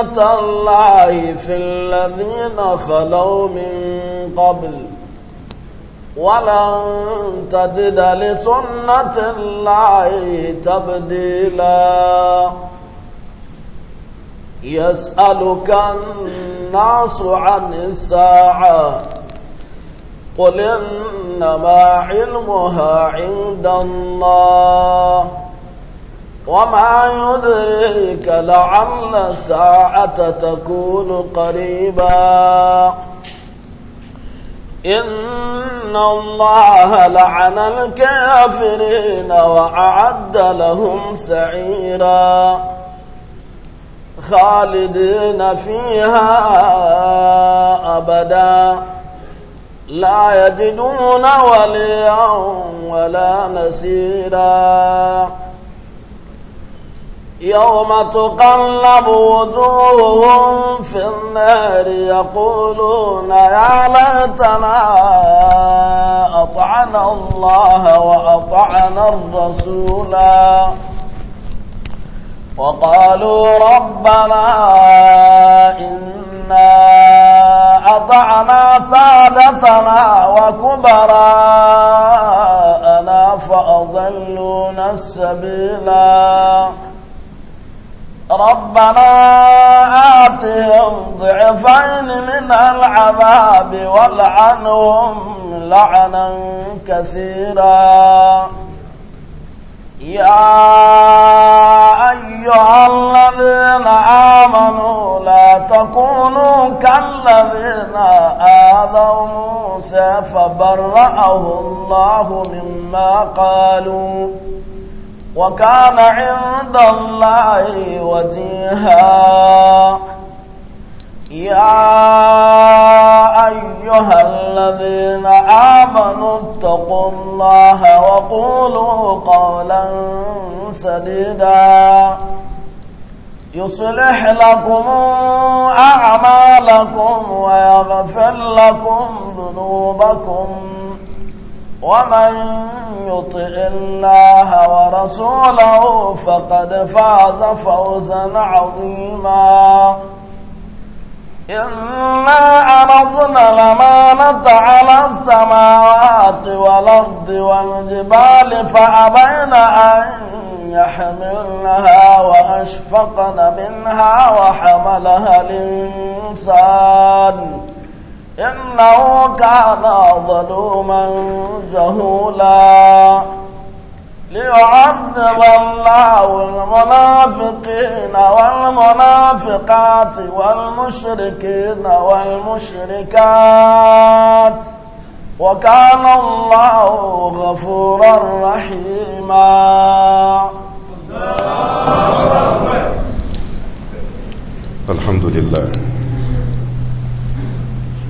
الله في الذين خلوا من قبل ولن تجد لسنة الله تبديلا يسألك الناس عن الساعة قل إنما علمها عند الله وما يدريك لعل الساعة تكون قريبا إن الله لعن الكافرين وأعد لهم سعيرا خالدين فيها أبدا لا يجدون وليا ولا نسيرا يوم تقلب وجوههم في النار يقولون يا ليتنا أطعنا الله وأطعنا الرسولا وقالوا ربنا إنا أطعنا سادتنا وكبراءنا فأضلونا السبيلا ربنا آتهم ضعفين من العذاب والعنهم لعنا كثيرا يا أيها الذين آمنوا لا تكونوا كالذين آذوا موسى فبرأه الله مما قالوا وكان عند الله وجيها يا أيها الذين آمنوا اتقوا الله وقولوا قولا سديدا يصلح لكم أعمالكم ويغفر لكم ذنوبكم ومن يطع الله ورسوله فقد فاز فوزا عظيما إنا لما الأمانة على السماوات والأرض والجبال فأبين أن يحملنها وأشفقن منها وحملها الإنسان إنه كان ظلوما جهولا ليعذب الله المنافقين والمنافقات والمشركين والمشركات وكان الله غفورا رحيما الحمد لله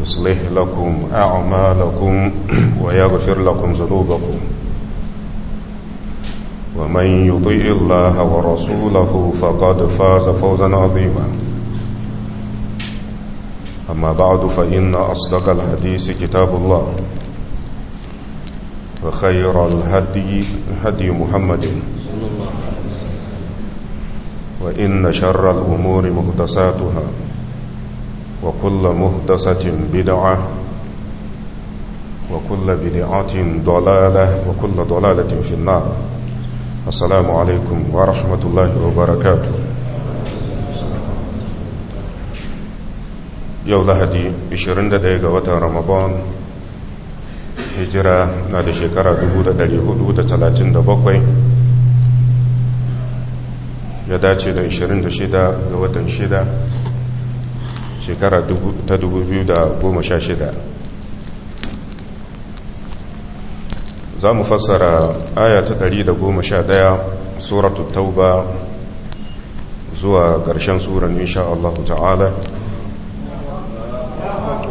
يصلح لكم أعمالكم ويغفر لكم ذنوبكم ومن يطيع الله ورسوله فقد فاز فوزا عظيما أما بعد فإن أصدق الحديث كتاب الله وخير الهدي هدي محمد وإن شر الأمور مهدساتها وكل مهدسة بدعة وكل بدعة ضلالة وكل ضلالة في النار السلام عليكم ورحمة الله وبركاته يوم لهدي 21 ga watan Ramadan hijira na da shekara 437 ya dace da 26 ga watan شيدة shekara ta 2016 za mu fassara aya ta da 111 suratul tauba zuwa ƙarshen suran insha Allah ta'ala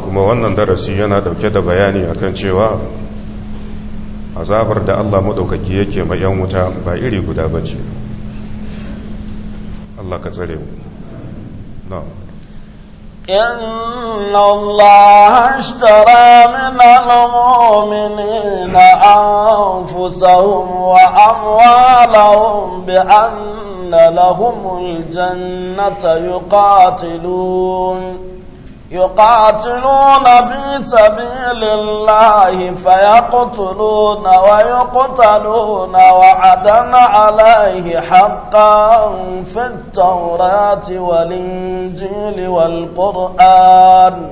kuma wannan darasi yana ɗauke da bayani akan cewa azabar da Allah maɗaukaki yake mai yan wuta ba iri guda ba ce Allah ka tsare mu no. إن الله اشترى من المؤمنين أنفسهم وأموالهم بأن لهم الجنة يقاتلون يقاتلون في سبيل الله فيقتلون ويقتلون وعدا عليه حقا في التوراة والإنجيل والقرآن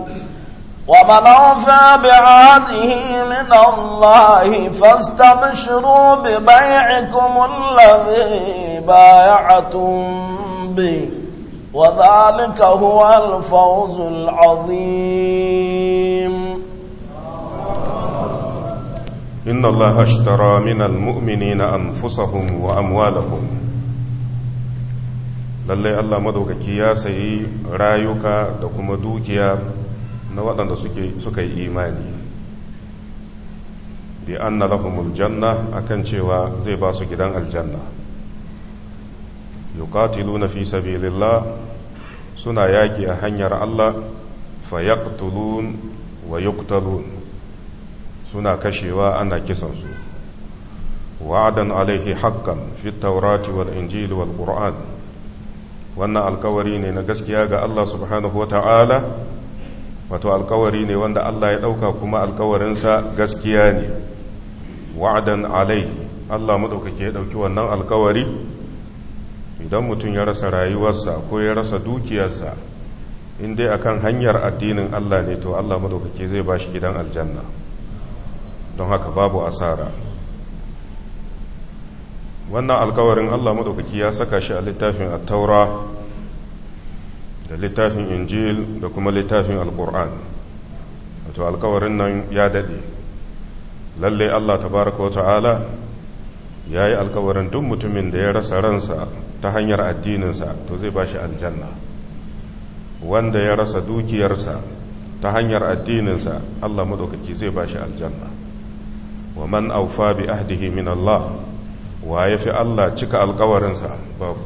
ومن أوفى بعهده من الله فاستبشروا ببيعكم الذي بايعتم به وذلك هو الفوز العظيم إن الله اشترى من المؤمنين أنفسهم وأموالهم lallai Allah madaukaki ya sayi rayuka da kuma dukiya na waɗanda suka yi imani bi anna lahumul janna akan cewa zai ba su gidan aljanna yuqatiluna fi sabilillah suna yaƙi a hanyar Allah fayaqtulun wa yuqtalun suna kashewa ana kisan su wa'adan alaihi haqqan fi taurati wal injili wal qur'an wannan alkawari ne na gaskiya ga Allah subhanahu wa ta'ala wato alkawari ne wanda Allah ya ɗauka kuma alkawarinsa gaskiya ne wa'adan alai Allah maɗaukaki ya ɗauki wannan alkawari idan mutum ya rasa rayuwarsa ko ya rasa dukiyarsa in dai akan hanyar addinin Allah ne to Allah madaukake zai ba shi gidan aljanna don haka babu asara wannan alkawarin Allah madaukake ya saka shi a littafin at-taura da littafin injil da kuma littafin alkur'an wato alkawarin nan ya daɗe lalle Allah tabaraka wa ta'ala ya yi alkawarin duk mutumin da ya rasa ransa ta hanyar addininsa to zai ba shi aljanna wanda ya rasa dukiyarsa ta hanyar addininsa Allah maɗaukaki zai ba shi aljanna wa man aufa bi ahdihi min Allah wa ya fi Allah cika alkawarinsa babu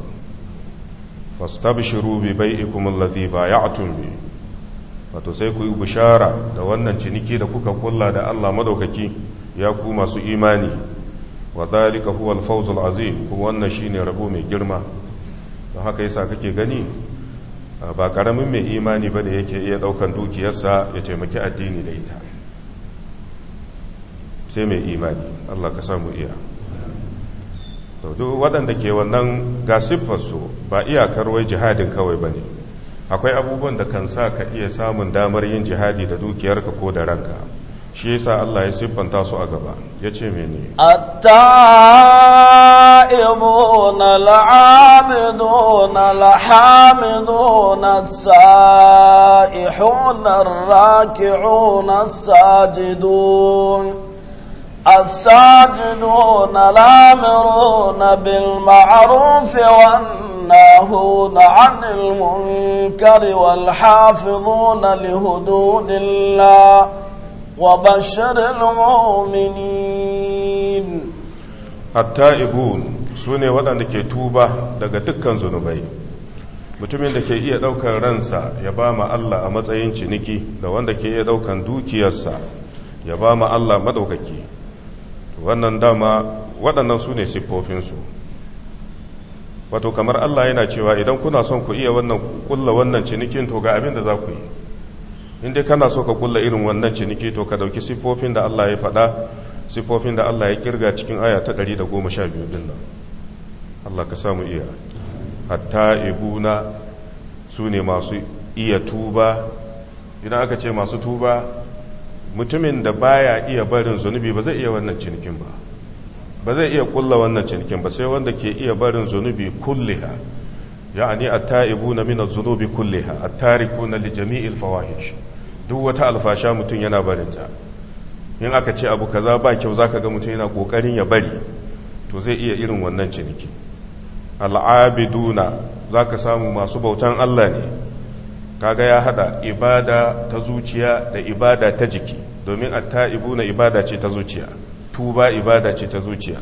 fastabshiru bi bai'ikum allazi bay'atum bi wato sai ku yi bishara da wannan ciniki da kuka kulla da Allah maɗaukaki ya ku masu imani wa zalika huwa al-fawz al-azim wannan shine rabo mai girma don haka yasa kake gani ba karamin mai imani da yake iya daukan dukiyarsa ya taimaki addini da ita sai mai imani Allah ka samu iya to duk waɗanda ke wannan ga su ba iyakar wai jihadin kawai bane akwai abubuwan da kan sa ka iya samun damar yin jihadi da dukiyarka ko da ranka shi yasa Allah ya siffanta su a gaba ya ce mene التائبون العابدون الحامدون السائحون الراكعون الساجدون الساجدون الامرون بالمعروف والناهون عن المنكر والحافظون لهدود الله وبشر المؤمنين التائبون sune waɗanda ke tuba daga dukkan zunubai mutumin da ke iya ɗaukar ransa ya ba ma Allah a matsayin ciniki da wanda ke iya ɗaukan dukiyarsa ya ba ma Allah maɗaukaki wannan dama waɗannan su ne siffofinsu wato kamar Allah yana cewa idan kuna son ku iya wannan kulla wannan cinikin to ga abin da za ku yi in dai kana so ka kulla irin wannan ciniki to ka dauki siffofin da Allah ya faɗa siffofin da Allah ya kirga cikin aya ta 112 din nan Allah ka samu iya hatta ibuna su ne masu iya tuba idan aka ce masu tuba mutumin da baya iya barin zunubi ba zai iya wannan cinikin ba ba zai iya kulla wannan cinikin ba sai wanda ke iya barin zunubi kulliha يعني التائبون من min كلها التاركون لجميع الفواحش duk wata alfasha mutum yana barinta in aka ce abu kaza ba kyau zaka ga mutum yana kokarin ya bari to zai iya irin wannan ciniki al'abiduna zaka samu masu bautan Allah ne kaga ya hada ibada ta zuciya da ibada ta jiki domin at-ta'ibuna ibada ce ta zuciya tuba ibada ce ta zuciya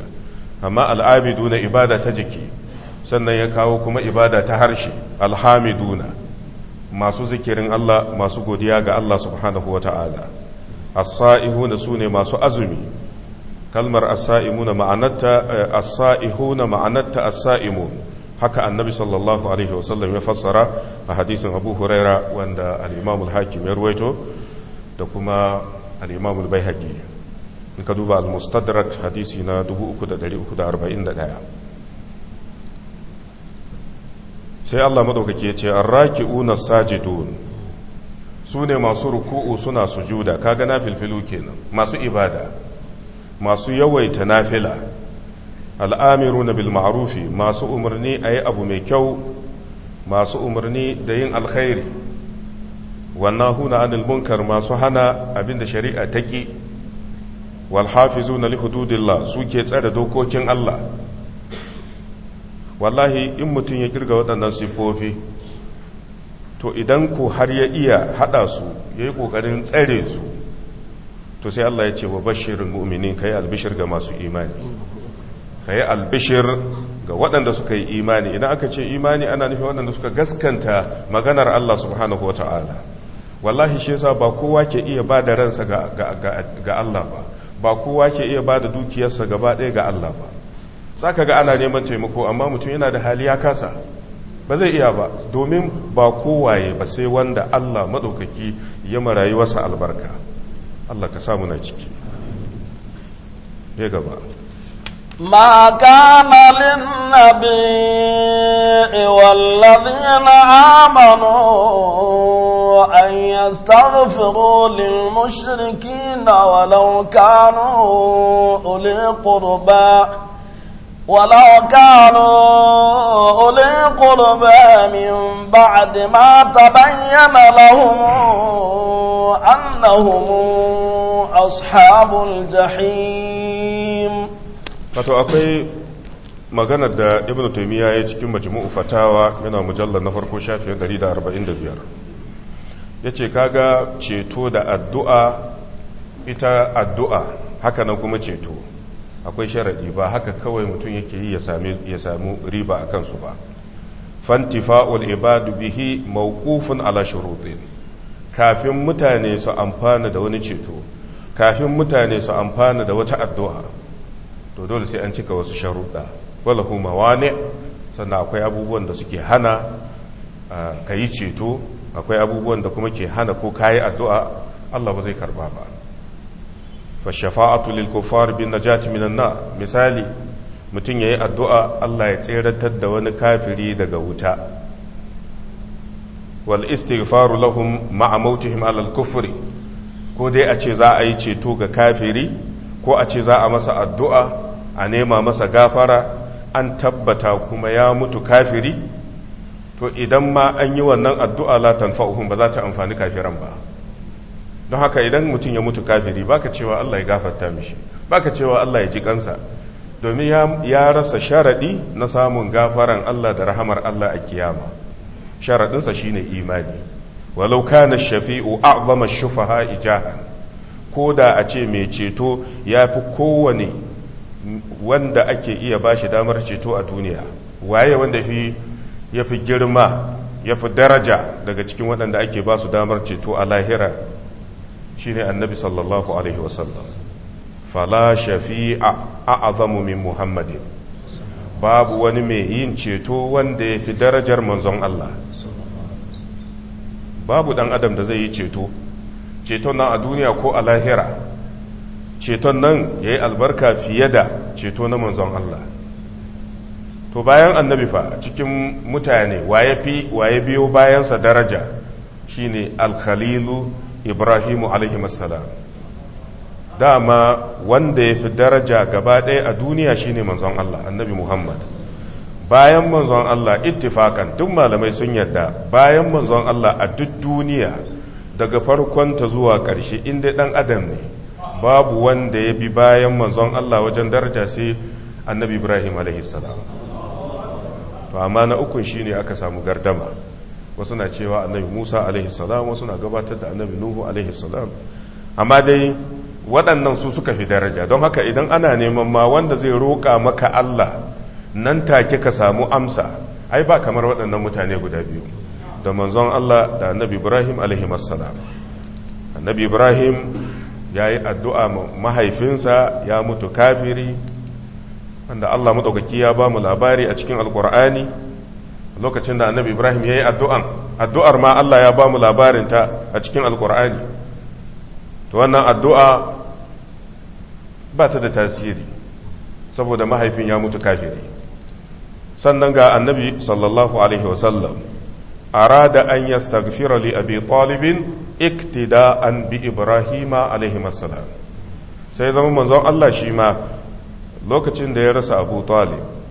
amma al'abiduna ibada ta jiki sannan ya kawo kuma ibada ta harshe alhamiduna masu zikirin Allah masu godiya ga Allah subhanahu wa ta'ala as-sa'ihuna sune masu azumi kalmar as-sa'imuna eh, saihuna as haka annabi sallallahu alaihi wasallam ya fassara a hadisin Abu Huraira wanda alimamul hakim ya ruwaito da kuma alimamul bai al in ka duba al-Mustadrak hadisi na 3341 sai Allah madaukake ce, ce arraki'una sajidun su ne masu ruku'u suna sujuda kaga nafilfilu kenan masu ibada masu yawaita nafila al'amiru bil bilma'arufi, masu umarni ayi abu mai kyau masu umarni da yin alkhairi wannan huna anil munkar masu hana abinda shari'a take wal hafizuna li hududillah suke tsada dokokin Allah wallahi in mutum ya kirga waɗannan siffofi to idan ku har ya iya haɗa su ya yi ƙoƙarin tsare su to sai Allah ya ce wa bashirin mu'minin ka yi albishir ga masu imani ka yi albishir ga waɗanda suka yi imani idan aka ce imani ana nufin waɗanda suka gaskanta maganar Allah subhanahu wa ta'ala wallahi shi yasa ba kowa ke iya ba da ransa ga Allah ba ba kowa ke iya ba da dukiyarsa gaba ɗaya ga Allah ba za ka ga ana neman taimako amma mutum yana da hali ya kasa ba zai iya ba domin ba kowaye ba sai wanda Allah maɗaukaki ya wasa albarka Allah ka samu na ciki ya gaba ما كان للنبي amanu An أن يستغفروا للمشركين ولو كانوا أولي قربى ولو كانوا أولي ta من بعد ما تبين لهم أنهم أصحاب الجحيم wato akwai magana da ibn taymiya ya cikin majmu'u fatawa yana mujallar na farko shafin 145 yace kaga ceto da addu'a ita addu'a haka nan kuma ceto akwai sharaɗi ba haka kawai mutum yake yi ya samu riba a kansu ba fantifa'ul ibadu bihi mawqufun ala shurutin kafin mutane su amfana da wani ceto kafin mutane su amfana da wata addu'a to dole sai an cika wasu sharuɗa wala kuma wane sannan akwai abubuwan da suke hana ka yi ceto akwai abubuwan da kuma ke hana ko kayi addu'a Allah ba zai karba ba fa shafa'atu lil kuffar bin najati minan na misali mutum yayi addu'a Allah ya tseratar da wani kafiri daga wuta wal istighfaru lahum ma'a mautihim alal kufri ko dai a ce za a yi ceto ga kafiri ko a ce za a masa addu'a a nema masa gafara an tabbata kuma ya mutu kafiri to idan ma an yi wannan addu'a la tanfa'uhum ba za ta amfani kafiran ba don haka idan mutum ya mutu kafiri baka cewa Allah ya gafarta mishi baka cewa Allah ya ji kansa domin ya rasa sharadi na samun gafaran Allah da rahamar Allah a kiyama sharadinsa shine imani walau kana shafi'u a'zama shufaha ijahan ko da a ce mai ceto ya fi kowane wanda ake iya bashi damar ceto a duniya waye wanda fi ya fi girma ya fi daraja daga cikin waɗanda ake ba su damar ceto a lahira shine annabi sallallahu alaihi wasallam fala shafi'a a'zamu min muhammadin babu wani mai yin ceto wanda ya fi darajar manzon Allah babu dan adam da zai yi ceto ceton nan a duniya ko a lahira ceton nan ya yi albarka fiye da ceto na manzon Allah to bayan annabi fa cikin mutane waye fi biyo bayansa daraja shine alkhalilu ibrahimu alaihimassalam dama wanda ya fi daraja gaba ɗaya a duniya shine manzon Allah annabi Muhammad bayan manzon Allah ittifakan duk malamai sun yadda bayan manzon Allah a duk duniya daga farkon ta zuwa ƙarshe inda ɗan adam ne babu wanda ya bi bayan manzon Allah wajen daraja sai annabi Ibrahim alaihissalam to amma na ukun shine aka samu gardama wasu na cewa annabi musa alaihi wasu na gabatar da annabi nuhu alaihi amma dai waɗannan su suka fi daraja don haka idan ana neman ma wanda zai roƙa maka allah nan take ka samu amsa ai ba kamar waɗannan mutane guda biyu da manzon allah da annabi ibrahim alaihi annabi ibrahim ya yi addu'a mahaifinsa ya mutu kafiri wanda allah maɗaukaki ya ba mu labari a cikin alƙur'ani lokacin da annabi ibrahim ya yi addu'an addu'ar ma allah ya ba mu labarinta a cikin alkur'ani to wannan addu'a ba ta da tasiri saboda mahaifin ya mutu kafiri sannan ga annabi sallallahu alaihi wasallam arada an yastaghfira li abi talibin iktida'an bi ibrahima alaihi assalam sai zama manzon allah shi ma lokacin da ya rasa abu talib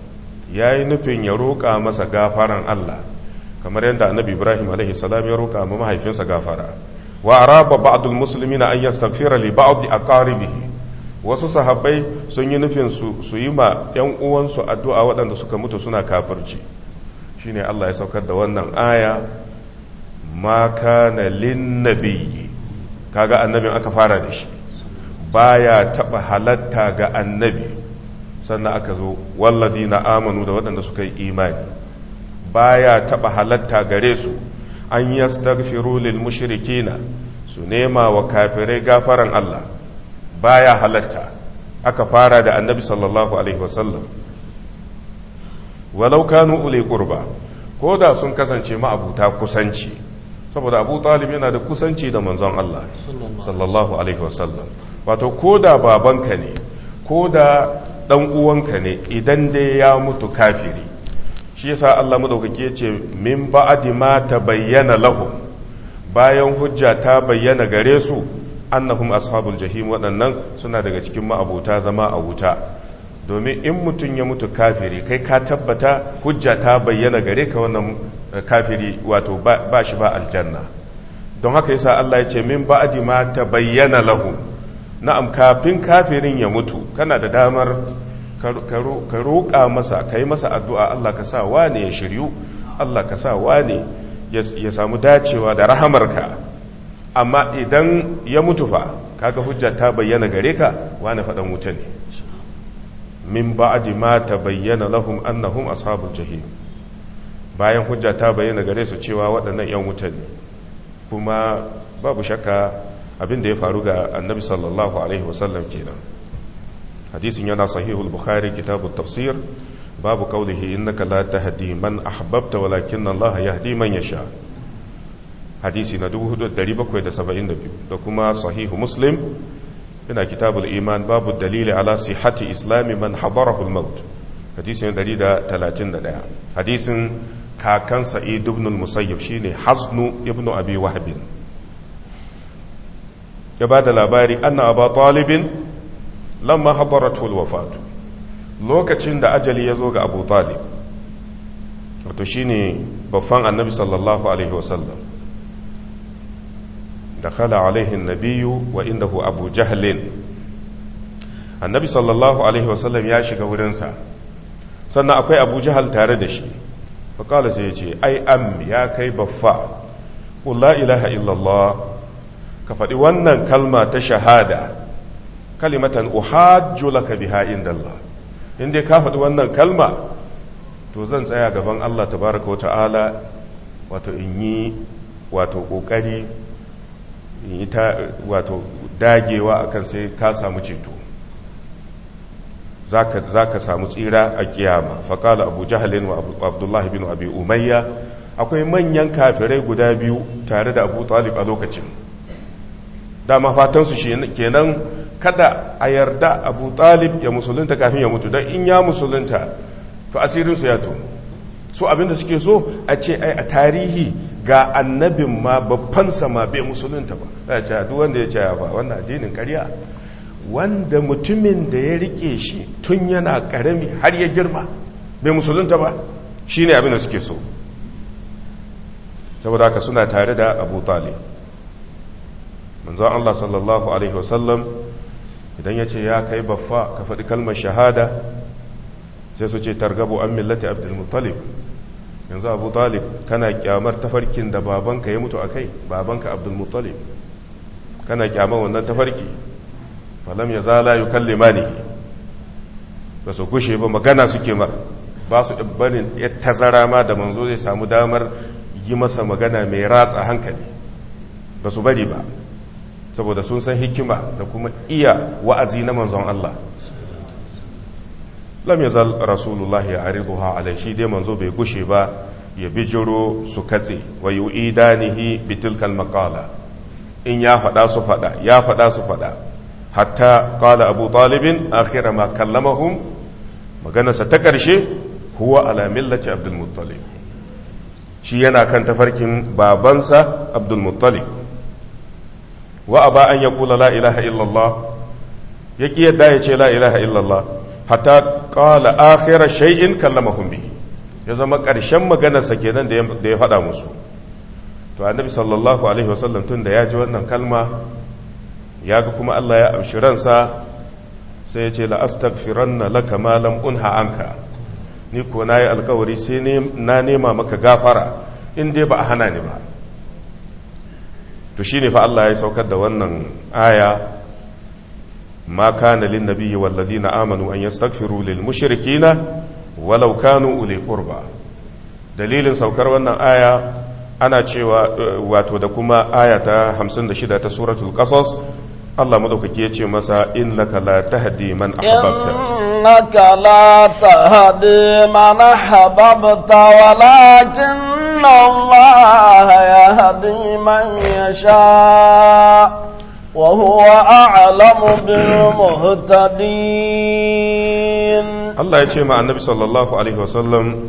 ya yi nufin ya roƙa masa gafaran Allah kamar yadda annabi ibrahim alaihi ya roƙa ma mahaifinsa gafara wa araba ba'dul muslimina an yastaghfira li ba'd aqaribihi wasu sahabbai sun yi nufin su yi ma yan uwansu addu'a waɗanda suka mutu suna kafirci shine Allah ya saukar da wannan aya ma kana lin nabiyyi kaga annabin aka fara da shi baya taɓa halatta ga annabi sannan aka zo wallazi na amanu da waɗanda suka yi imani baya taɓa halatta gare su an yastaghfiru lil mushrikina su nema wa kafirai gafaran Allah baya halatta aka fara da annabi sallallahu alaihi wasallam walau kanu uli qurba ko da sun kasance ma'abuta kusanci saboda abu talib yana da kusanci da manzon Allah sallallahu alaihi wasallam wato ko da babanka ne ko da dan uwanka ne idan dai ya mutu kafiri shi yasa Allah madaukake ya ce min ba'di ma tabayyana lahu bayan hujja ta bayyana gare su annahum ashabul jahim waɗannan suna daga cikin ma'abota zama a wuta domin in mutum ya mutu kafiri kai ka tabbata hujja ta bayyana gare ka wannan eh, kafiri wato ba shi ba aljanna don haka yasa Allah ya ce min ba'di ma tabayyana lahu na'am kafin kafirin ya mutu kana da damar ka roƙa masa ka yi masa addu'a Allah ka sa wane ya shiryu Allah ka sa wane ya samu dacewa da rahamarka amma idan ya mutu fa kaga hujja ta bayyana gare ka wane faɗan wuta ne min ba'di ma ta bayyana lahum annahum ashabul jahim bayan hujja ta bayyana gare su cewa waɗannan 'yan wuta ne kuma babu shakka abin da ya faru ga annabi sallallahu alaihi wasallam kenan hadisin yana sahihul bukhari kitabut tafsir babu qawlihi innaka la tahdi man ahbabta walakin Allah yahdi man yasha hadisi na 4772 da kuma sahihu muslim ina kitabul iman babu dalili ala sihhati islami man hadarahu al-maut hadisin 131 hadisin kakan sa'id ibn al-musayyib shine haznu ibn abi wahbin ya ba da labari anna aba talibin lamma hadaratul wafatu lokacin da ajali ya zo ga abu talib wato shine babban annabi sallallahu alaihi wasallam dakhala alaihi nabiyu wa indahu abu jahlin annabi sallallahu alaihi wasallam ya shiga wurinsa sannan akwai abu jahal tare da shi faƙala sai ya ce ai am ya kai baffa ƙul la ilaha illallah ka faɗi wannan kalma ta shahada kalimatan uhajju laka biha inda in inda ka faɗi wannan kalma to zan tsaya gaban Allah tabaraka wa ta'ala wato in yi wato ƙoƙari in yi ta wato dagewa akan sai ka samu ceto za ka samu tsira a kiyama faƙala abu jahalin wa abdullahi bin abi umayya akwai manyan kafirai guda biyu tare da abu talib a lokacin dama fatansu kenan kada a yarda abu talib ya musulunta kafin ya mutu don in ya musulunta to asirinsu ya to so abinda suke so a ce ai a tarihi ga annabin ma babban sama bai musulunta ba a ce duk wanda ya ce ba wannan addinin karya wanda mutumin da ya rike shi tun yana karami har ya girma bai musulunta ba shine abinda suke so saboda haka suna tare da abu talib manzon Allah sallallahu alaihi wasallam idan ya ce ya kai baffa ka faɗi kalmar shahada sai su ce targabu an millati Muttalib yanzu abu talib kana kyamar tafarkin da babanka ya mutu a kai babanka abdulmuttalib kana kyamar wannan tafarki falam ya zala yi kallima ne ba su gushe ba magana suke ma ba su ɗabbanin ya tazara ma da manzo zai samu damar yi masa magana mai ratsa hankali ba su bari ba saboda sun san hikima da kuma iya wa'azi na manzon Allah lam yazal rasulullahi ya ariduha alai shi dai manzo bai gushe ba ya bijiro su katse wa yu'idanihi bitilkal maqala in ya faɗa su faɗa ya faɗa su faɗa hatta qala abu talibin akhira ma kallamahum maganarsa ta ƙarshe huwa ala millati abdul muttalib shi yana kan tafarkin babansa abdul muttalib wa ba an yaqula la ilaha illallah ya ƙi yadda ya ce la ilaha illallah hatta ƙala akhira shay'in kallamahum bi ya zama ƙarshen maganarsa kenan da ya faɗa musu to annabi sallallahu alaihi wasallam tun da ya ji wannan kalma ya ga kuma Allah ya amshi ransa sai ya ce la astaghfiranna laka ma lam unha anka ni ko nayi alkawari sai na nema maka gafara in dai ba a hana ni ba to shine fa Allah ya saukar da wannan aya ma kana lin nabiyyi wal ladina amanu an yastaghfiru lil mushrikina walau kanu uli qurba dalilin saukar wannan aya ana cewa wato da kuma aya ta 56 ta suratul qasas Allah madaukaki ya ce masa innaka la tahdi man ahbabta innaka la tahdi man ahbabta walakin إن الله يهدي من يشاء وهو أعلم بالمهتدين الله يجي مع النبي صلى الله عليه وسلم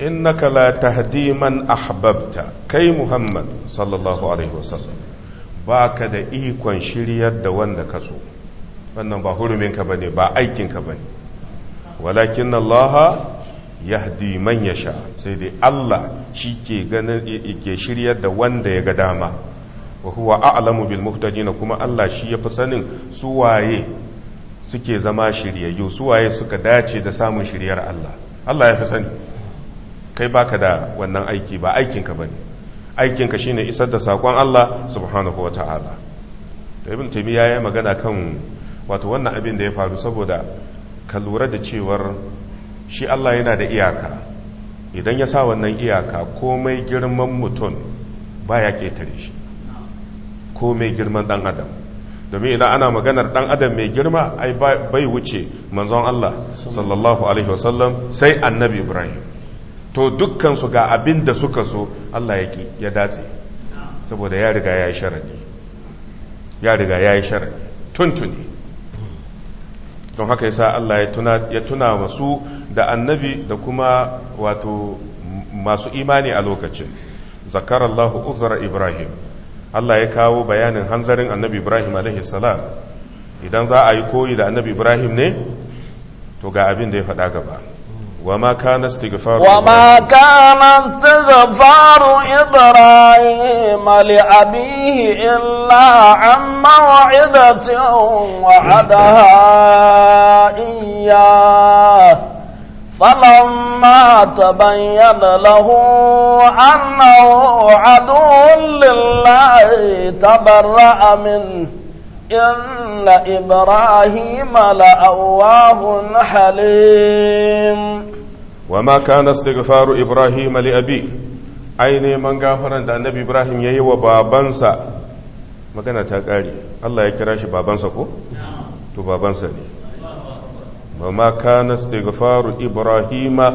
إنك لا تهدي من أحببت كي محمد صلى الله عليه وسلم باك دا إيكوان شريات دا واندا كسو wannan ba huruminka ba ne ba aikinka ba ne walakin Allah yahdi man yasha sai dai Allah shi ke ganin ke shiryar da wanda ya ga dama wa huwa a'lamu bil muhtadin kuma Allah shi yafi sanin su waye suke zama shiryayyu su waye suka dace da samun shiryar Allah Allah yafi sani kai baka da wannan aiki ba aikinka bane aikinka shine isar da sakon Allah subhanahu wataala to ibn taymiya ya magana kan wato wannan abin da ya faru saboda ka lura da cewar shi Allah yana da iyaka idan ya sa wannan iyaka komai girman mutum ba ya ƙetare shi komai girman ɗan adam domin idan ana maganar ɗan adam mai girma ai bai wuce manzon Allah sallallahu alaihi wasallam sai annabi Ibrahim to dukkansu ga abin da suka so Allah ya datse saboda ya riga ya yi sharadi ya riga tuntuni don haka yasa Allah ya tuna ya tuna masu da annabi da kuma wato masu imani a lokacin zakarallahu uzra ibrahim Allah ya kawo bayanin hanzarin annabi ibrahim alaihi salam idan za a yi koyi da annabi ibrahim ne to ga abin da ya faɗa gaba وما كان استغفار وما كان استغفار إبراهيم لأبيه إلا عن موعدة وعدها إياه فلما تبين له أنه عدو لله تبرأ منه إن إبراهيم لأواه حليم وما كان استغفار إبراهيم لأبيه أين من gafaran da annabi ibrahim ya yi ما babansa magana ta يكراش allah ya تو shi babansa ko? to babansa ne ba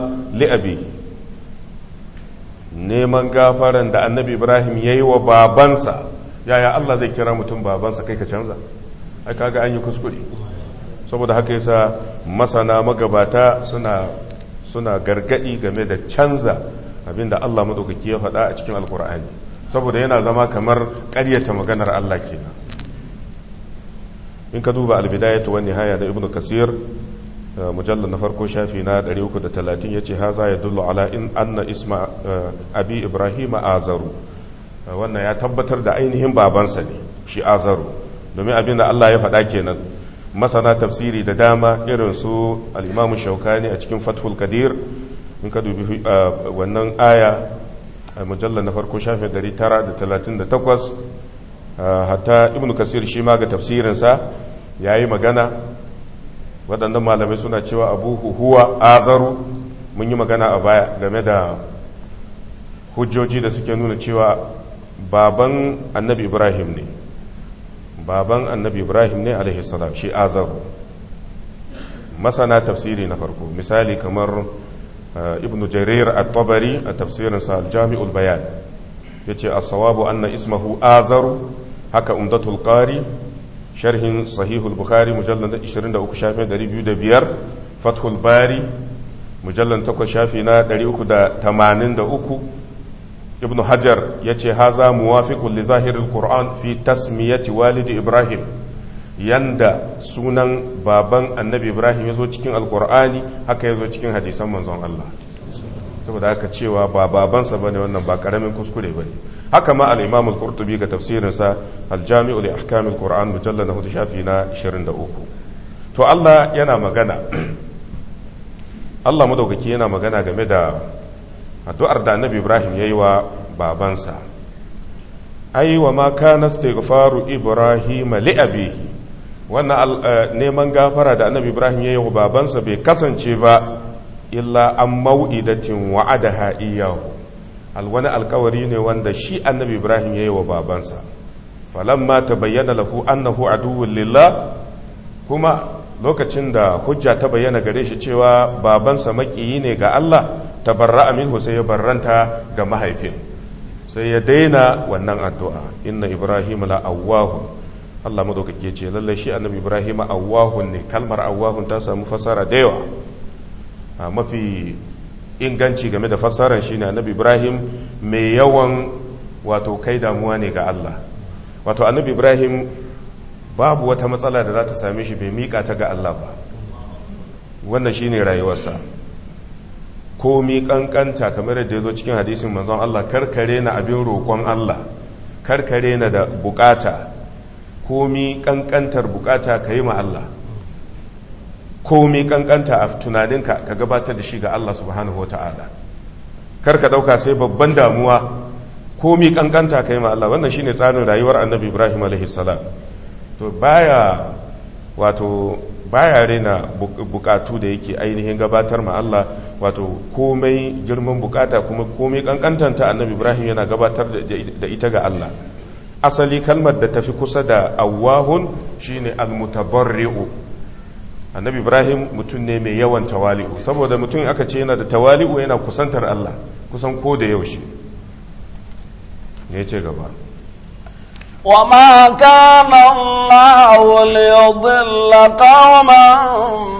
neman gafaran da annabi ibrahim ya yi wa babansa yaya Allah zai kira mutum babansa kai ka canza ai kaga an yi kuskure saboda haka yasa masana magabata suna suna gargadi game da canza abinda Allah madaukaki ya faɗa a cikin alkur'ani saboda yana zama kamar ƙaryata maganar Allah kenan in ka duba albidayatu wa nihaya da ibnu kasir uh, mujallar na farko shafi na 330 yace haza yadullu ala in anna isma uh, abi ibrahim azaru wannan ya tabbatar da ainihin babansa ne shi azaru domin abin da Allah ya faɗa kenan masana tafsiri da dama irin su al shauka shaukani a cikin fathul kadir in ka dubi wannan aya a mujallar na farko shafi 938 hatta ibn kasir shi ma ga tafsirinsa ya yi magana waɗannan malamai suna cewa abu huwa azaru mun yi magana a baya game da hujjoji da suke nuna cewa baban annabi ibrahim ne baban annabi ibrahim ne alaihi salam shi azar masana tafsiri na farko misali kamar eh, ibn jarir at-tabari a tafsirinsa al-jami'ul bayan yace as-sawabu anna ismahu azar haka umdatul qari sharhin sahihul bukhari mujallad 23 shafin 205 fathul bari mujallad 8 shafi na 383 ibn hajar ya ce haza muwafiqun li zahirin qur'an fi tasmiyati walidi ibrahim yanda sunan baban annabi ibrahim ya zo cikin alkur'ani haka ya zo cikin hadisan manzon allah saboda haka cewa ba babansa bane wannan ba karamin kuskure bane haka ma al-imam al-qurtubi ga tafsirinsa al-jami'u li ahkam al-qur'an mujallad na shafi na 23 to allah yana magana allah madaukaki yana magana game da addu'ar da annabi ibrahim ya yi wa babansa ai wa ma kana istighfaru ibrahim li abihi wannan eh, neman gafara da annabi ibrahim ya yi wa babansa bai kasance ba illa an mau'idatin wa'adaha iyahu alwani alkawari ne wanda shi annabi ibrahim ya yi wa babansa falamma ta bayyana lahu annahu aduwwul lillah kuma lokacin da hujja ta bayyana gare shi cewa babansa makiyi ne ga Allah barra minhu sai ya barranta ga mahaifin sai ya daina wannan addu'a inna ibrahim la awwahu Allah madaukake ce lallai shi annabi ibrahim awwahun ne kalmar awwahun ta samu fasara da yawa mafi inganci game da fasaran shine annabi ibrahim mai yawan wato kai damuwa ne ga Allah wato annabi ibrahim babu wata matsala da za ta same shi bai miƙa ta ga Allah ba wannan shine rayuwarsa komi kankanta kamar yadda ya zo cikin hadisin manzon Allah karkare na abin roƙon Allah karkare na da bukata komi kankantar bukata ka yi ma Allah komi kankanta a tunaninka ka gabatar da shi ga Allah subhanahu wa ta'ala karka ɗauka sai babban damuwa komi kankanta ka yi ma Allah wannan shine tsarin rayuwar annabi ibrahim alaihi salam to baya wato baya rena bukatu da yake ainihin gabatar ma Allah wato komai girman bukata kuma komai kankantanta annabi Ibrahim yana gabatar da ita ga Allah asali kalmar da tafi kusa da awahun shine almutabarri'u annabi Ibrahim mutum ne mai yawan tawali'u saboda mutum aka ce yana da tawali'u yana kusantar Allah kusan ko da yaushe ne ce gaba وما كان الله ليضل قوما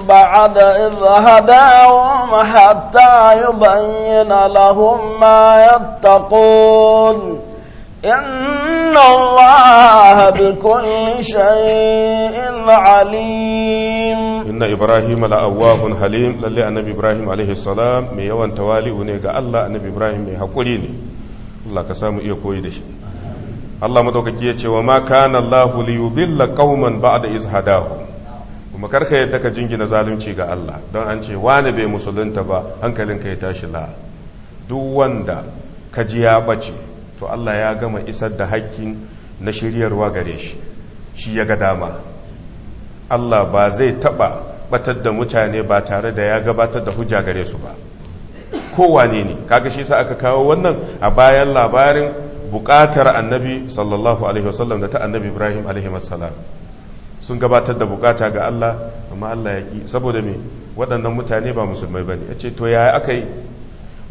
بعد إذ هداهم حتى يبين لهم ما يتقون إن الله بكل شيء عليم إن إبراهيم لأواه حليم للي النبي إبراهيم عليه السلام ميوان توالي ونيقى الله النبي إبراهيم ميحقوليني الله كسامو إيقوي دشي Allah madaukaki ya ce wa ma kana Allahu li yudilla qauman ba'da iz hadahu kuma karka yadda ka jingina zalunci ga Allah don an ce wani bai musulunta ba ka ya tashi la duk wanda ka ji ya bace to Allah ya gama isar da hakkin na shiryarwa gare shi shi ya ga dama Allah ba zai taba batar da mutane ba tare da ya gabatar da hujja gare su ba kowane ne kaga shi sa aka kawo wannan a bayan labarin buƙatar annabi sallallahu alaihi wasallam da ta annabi ibrahim alaihi wasallam sun gabatar da bukata ga allah amma allah ya ki saboda me waɗannan mutane ba musulmai ba ne ya ce to yaya aka yi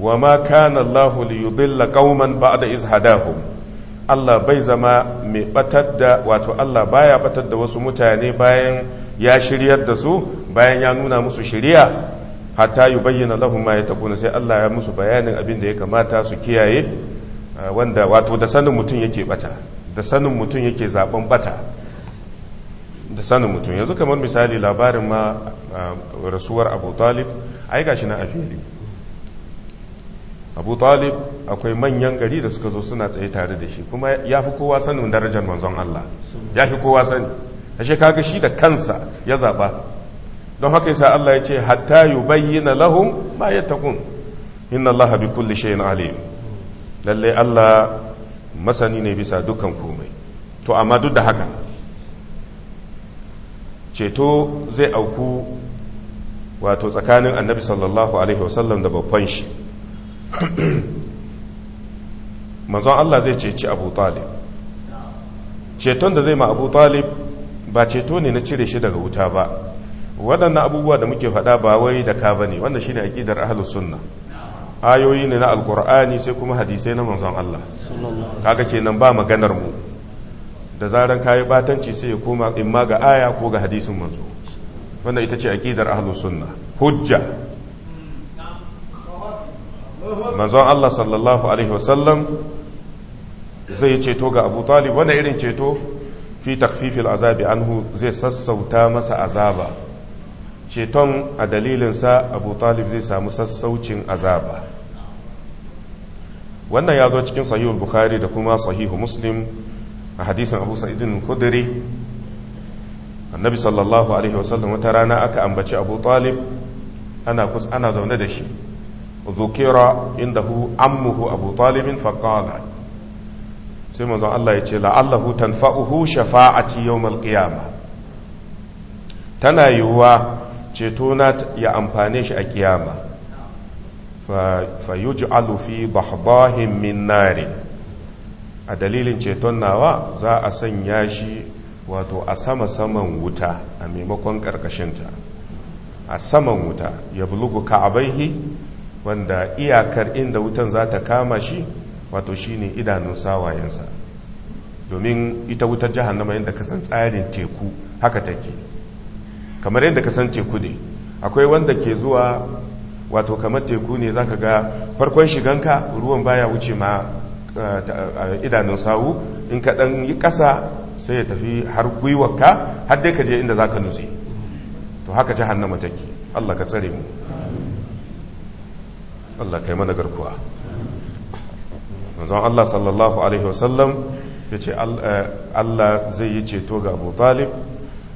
wa ma kana allah li yudilla qauman ba'da iz hadahum allah bai zama mai batar da wato allah baya batar da wasu mutane bayan ya shiryar da su bayan ya nuna musu shiriya hatta yubayyana lahum ma yatakuna sai allah ya musu bayanin abin da ya kamata su kiyaye Eh, wanda wato da sanin mutum yake bata da sanin mutum yake zaben bata da sanin mutum yanzu kamar misali labarin ma eh, rasuwar abu talib ai gashi na a fili abu talib akwai manyan gari da suka zo suna tsaye tare da shi kuma ya fi kowa sanin darajar manzon Allah ya fi kowa sani a kaga shi da kansa ya zaba don haka yasa Allah ya ce hatta yubayyana lahum ma yattaqun inna Allah bi kulli shay'in alim lalle Allah masani ne bisa dukkan komai to amma duk da haka ceto zai auku wato tsakanin annabi sallallahu alaihi wasallam da babban shi manzon Allah zai ceci abu talib ceton da zai ma abu talib ba ceto ne na cire shi daga wuta ba waɗannan abubuwa da muke faɗa ba wai da ka bane ne a ƙidar ahalus sunna ayoyi ne na alkur'ani sai kuma hadisai na manzon Allah kaga kenan ba maganar mu da zaran kayi batanci sai ya koma ma ga aya ko ga hadisin manzo wannan ita ce aqidar ahlus sunna hujja manzon Allah sallallahu alaihi wasallam zai ceto ga Abu Talib wannan irin ceto fi takhfifil azabi anhu zai sassauta masa azaba ceton a dalilinsa abu talib zai samu sassaucin azaba wannan ya zo cikin sahihul bukhari da kuma sahihu muslim a hadisin abu sa'idin khudri annabi sallallahu alaihi wasallam wata rana aka ambaci abu talib ana kus ana zaune da shi zukira indahu ammuhu abu talibin faqala sai manzon Allah ya ce la'allahu tanfa'uhu shafa'ati yawmal qiyamah tana yiwuwa Ceto na ya amfane shi a kiyama fa ji alufi ba min nari a dalilin ceton nawa za a sanya shi wato a sama saman wuta a maimakon karkashinta a saman wuta ya bulugu ka'abaihi wanda iyakar inda wutan za ta kama shi wato shi ne idanun sawayensa domin ita wutar jahannama inda kasan tsarin teku haka take kamar yadda ka san teku ne akwai wanda ke zuwa wato kamar teku ne za ka ga farkon shiganka ruwan baya wuce ma eh, a eh, idanun sawu in ka dan yi ƙasa sai ya tafi har gwiwarka har dai ka je inda za ka nutse to haka jahannama take Allah ka tsare mu Allah yi mana garkuwa manzon Allah sallallahu alaihi wasallam ya ce eh, Allah zai yi ceto ga Abu Talib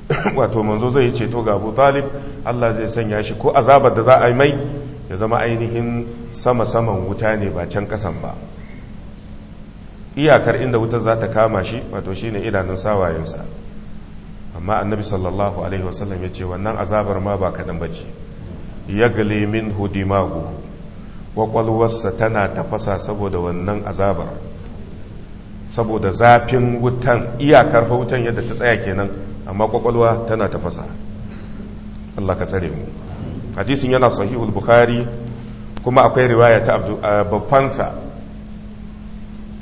wato manzo zai ceto ga abu talib allah zai sanya shi ko azabar da za a yi mai ya zama ainihin sama-saman wuta ne ba can kasan ba iyakar inda wutar za ta kama shi wato shi ne idanun sawayensa amma annabi sallallahu alaihi wasallam ya ce wannan azabar ma ba kadan ba ce ya gale min hudimagu kwakwalwarsa tana tafasa saboda wannan azabar saboda zafin wutan iyakar wutan yadda ta tsaya kenan amma kwakwalwa tana tafasa Allah ka tsare mu hadisin yana sahihul bukhari kuma akwai riwaya ta babbansa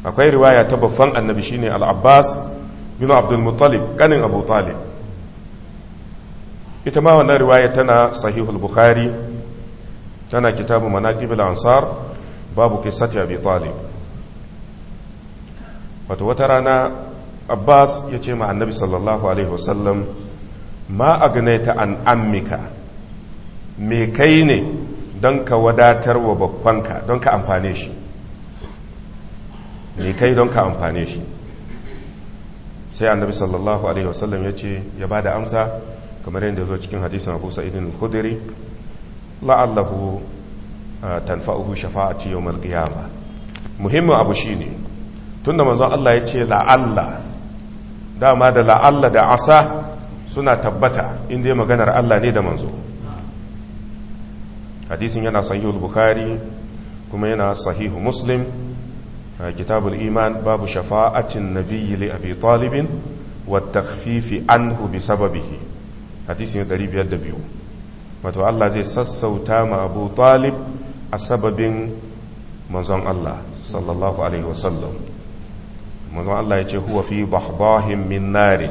akwai riwaya ta babban annabi shine al-abbas bin abdul muttalib kanin abu talib ita ma wannan riwaya tana sahihul bukhari tana kitabu manaqibul ansar babu qissati abi talib wato wata rana abbas ya ce ma annabi sallallahu alaihi wasallam ma ta an ammika me kai ne don ka wadatar wa babbanka don ka amfane shi me kai don ka amfane shi sai annabi sallallahu alaihi wasallam ya ce ya ba da amsa kamar yadda zo cikin hadisa abu sa'idin al-khudri la'allahu tanfa'uhu shafa'ati yawm al-qiyamah muhimmin abu shine tunda manzon Allah ya ce la'alla dama da la'alla da asa suna tabbata inda ya maganar Allah ne da manzo hadisin yana sahihul bukhari kuma yana sahihu muslim kitabul iman babu shafa'atin nabiyyi li abi talibin wa takhfifi anhu bi sababihi hadisin 502 wato Allah zai sassauta ma abu talib a sababin manzon Allah sallallahu alaihi wasallam manzon Allah ya ce huwa fi bahbahin min nari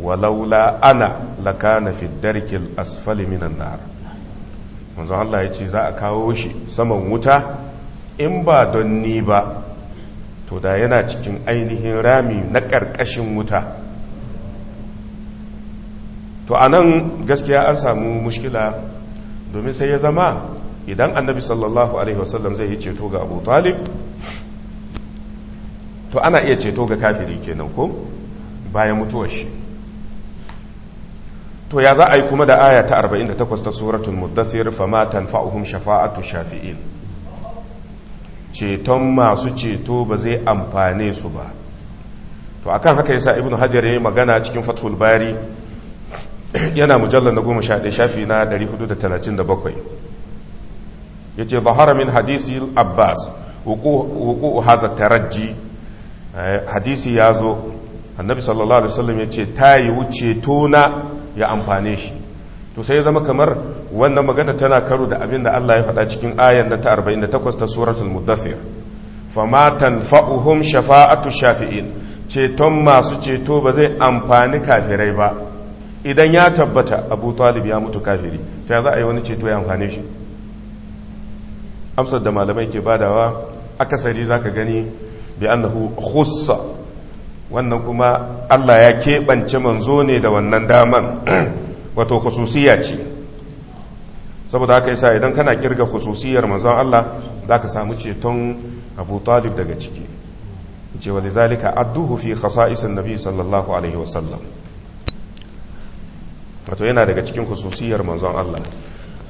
walaula ana lakana fi darkil asfali minan nar manzon Allah ya ce za a kawo shi saman wuta in ba don ni ba to da yana cikin ainihin rami na ƙarƙashin wuta to a nan gaskiya an samu mushkila domin sai ya zama idan annabi sallallahu alaihi wasallam zai yi ceto ga abu talib to ana iya ceto ga kafiri kenan ko bayan mutuwar shi to ya za a yi kuma da aya ta 48 ta suratul muddathir fama tanfa'uhum shafa'atu shafi'in ceton masu ceto ba zai amfane su ba to akan haka yasa ibnu hajar yayi magana cikin fathul bari yana mujallar na goma shafi na 437 ya ce bahara min hadisi abbas wuqu'u hadha taraji Eh, hadisi ya zo annabi sallallahu alaihi wasallam ya ce ta yi wuce tona ya amfane shi to sai ya zama kamar wannan magana tana karo da abin da Allah ya faɗa cikin ayan da ta 48 ta suratul mudaththir fama tanfa'uhum shafa'atu shafi'in ceton masu ceto ba zai amfani kafirai ba idan ya tabbata abu talib ya mutu kafiri ta za a yi wani ceto ya amfane shi amsar da malamai ke badawa akasari zaka gani bi khussa wannan kuma Allah ya keɓance manzo ne da wannan daman wato khususiya ce saboda haka yasa idan kana kirga khususiyar manzon Allah zaka samu ceton Abu Talib daga ciki ce wa lizalika adduhu fi khasa'isin nabi sallallahu alaihi wasallam wato yana daga cikin khususiyar manzon Allah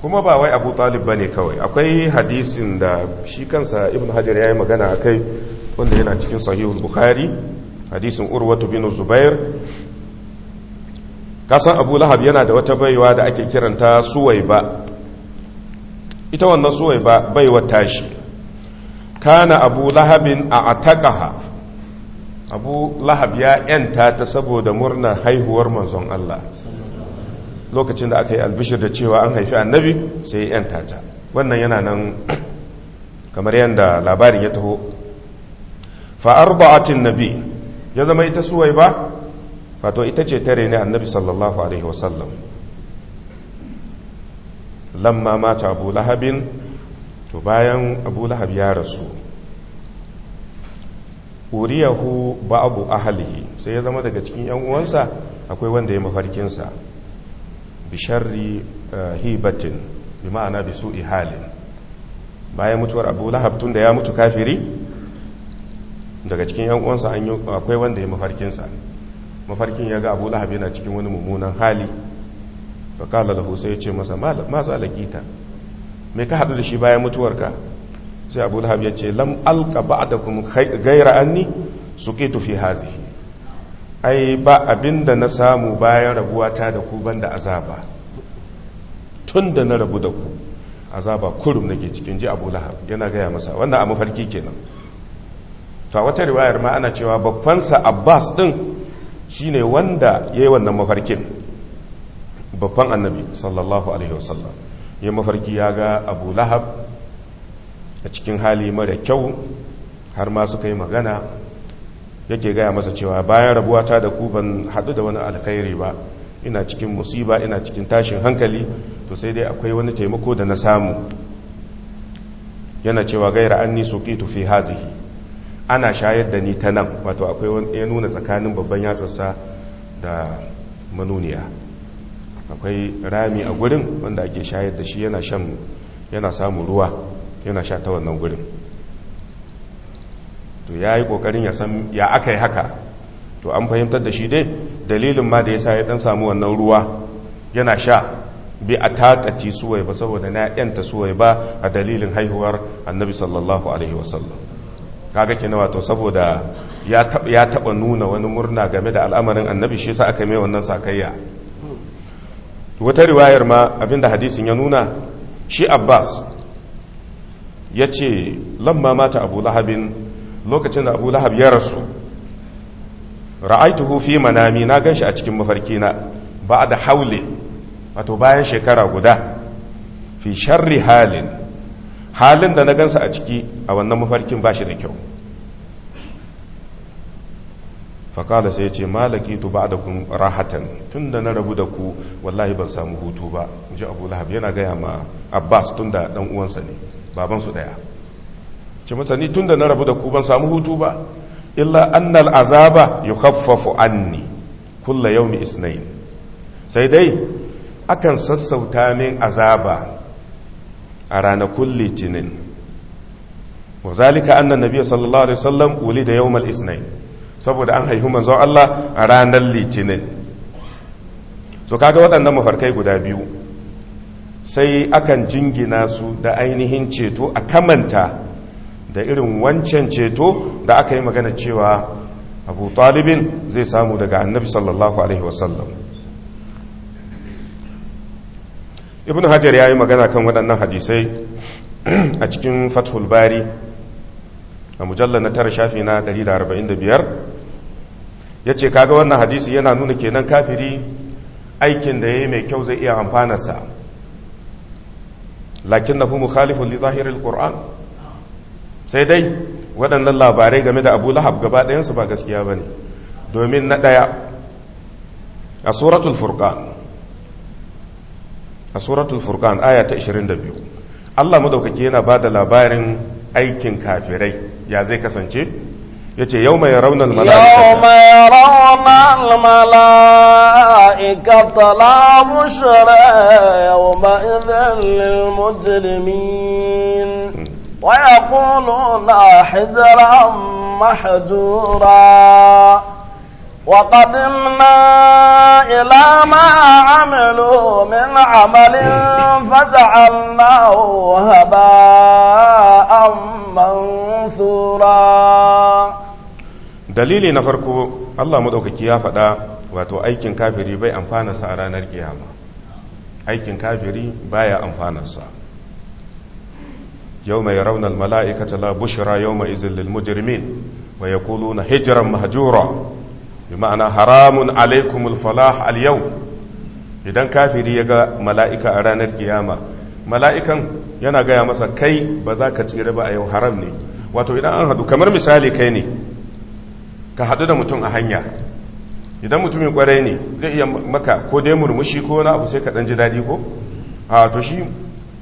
kuma ba wai abu talib bane kawai akwai hadisin da shi kansa ibn hajar ya yi magana a kai wanda yana cikin sahihul bukhari hadisin urwatu bin zubair kasan abu lahab yana da wata baiwa da ake kiranta suwaiba ita wannan suwaiba baiwa tashi kana abu lahabin a atakaha abu lahab ya yanta ta saboda murnar haihuwar manzon Allah lokacin da aka yi albishir da cewa an haifi annabi sai yanta ta wannan yana nan kamar yadda labarin ya taho fa'arba'atin nabi ya zama ita suwai ba fato ita ce tare ne annabi sallallahu alaihi wasallam lamma mata abu lahabin to bayan abu lahab ya rasu uriyahu ba'abu ahalihi sai ya zama daga cikin yan uwansa akwai wanda ya mafarkinsa bisharri eh, hibatin bi ma'ana bi su'i halin bayan mutuwar abu lahab tun da ya mutu kafiri daga cikin yan uwansa an yi akwai wanda ya mafarkinsa mafarkin ya ga abu lahab yana cikin wani mummunan hali fa kala lahu sai ya ce masa ma za lagita me ka haɗu da shi bayan mutuwarka sai abu lahab ya ce lam alqa ba'dakum ghayra anni ke tufi hazi. ai ba abinda na samu bayan rabuwa ta da ku ban da azaba tun da na rabu da ku azaba kurum nake cikin ji abu lahab yana gaya masa wannan a mafarki kenan to wata riwayar ma ana cewa babbansa abbas din shine wanda ya yi wannan mafarkin babban annabi sallallahu alaihi wasallam ya mafarki ya ga abu lahab a cikin hali mara kyau har ma suka yi magana yake gaya masa cewa bayan rabuwata da ku ban haɗu da wani alkhairi ba ina cikin musiba ina cikin tashin hankali to sai dai akwai wani taimako da na samu yana cewa gaira an ni fi hazihi ana shayar da ni ta nan wato akwai ya nuna tsakanin babban yatsarsa da manuniya akwai rami a gurin wanda ake shayar da shi yana shan yana samun ruwa yana sha ta wannan gurin to ya yi kokarin ya san ya aka yi haka to an fahimtar da shi dai dalilin ma da ya sa ya dan samu wannan ruwa yana sha bi a takaci suwai ba saboda na yanta suwai ba a dalilin haihuwar annabi sallallahu alaihi wasallam kaga ke wato saboda ya taba nuna wani murna game da al'amarin annabi shi sa aka mai wannan sakayya wata riwayar ma abinda hadisin ya nuna shi abbas ya ce lamma mata abu lahabin lokacin da abu lahab ya rasu ra'aituhu fi manami na ganshi a cikin mafarkina ba da haule wato bayan shekara guda fi sharri halin halin da na gansa a ciki a wannan mafarkin ba shi da kyau fakala sai ce malaki tu ba da kun rahatan tun da na rabu da ku wallahi ban samu hutu ba ji abu lahab yana gaya ma abbas tun da dan uwansa ne babansu daya ce masa ni tun da na rabu da ku ban samu hutu ba illa annal azaba yukhaffafu anni kulla yawmi isnain sai dai akan sassauta min azaba a ranakun litinin wa zalika annan nabiya sallallahu alaihi wasallam wuli da yawmal isnai saboda an haifi manzon Allah a ranar litinin so kaga waɗannan mafarkai guda biyu sai akan jingina su da ainihin ceto a kamanta da irin wancan ceto da aka yi magana cewa abu talibin zai samu daga annabi sallallahu alaihi wasallam ibn hajar ya yi magana kan waɗannan hadisai a cikin fathul bari a mujallar na tara shafi na 145 ya ce kaga wannan hadisi yana nuna kenan kafiri aikin da ya yi mai kyau zai iya amfanarsa lakin na hu mukhalifun li zahirin sai dai waɗannan labarai game da abu lahab gaba ɗayansu ba gaskiya ba ne domin na ɗaya a suratul furqan a suratul furqan aya ta 22 Allah madaukaki yana ba da labarin aikin kafirai ya zai kasance yace Yau mai raunar mala'ikata yarawna almalaikata la bushra yawma waya lilmujrimin na حجرا محجورا وقدمنا إلى ما عملوا من عمل فجعلناه هباء منثورا dalili na farko Allah maɗaukaki ya faɗa wato aikin kafiri bai amfanarsa a ranar kiyama aikin kafiri baya amfanarsa yau mai raunar mala'ikata la bushira yau mai izin lil mujrimin wa ya na hijiran mahajura bi ma'ana haramun alaikumul falah al yau idan kafiri ya ga mala'ika a ranar kiyama mala'ikan yana gaya masa kai ba za ka tsira ba a yau haram ne wato idan an haɗu kamar misali kai ne ka haɗu da mutum a hanya idan mutumin kwarai ne zai iya maka ko dai murmushi ko wani abu sai ka ɗan ji daɗi ko a to shi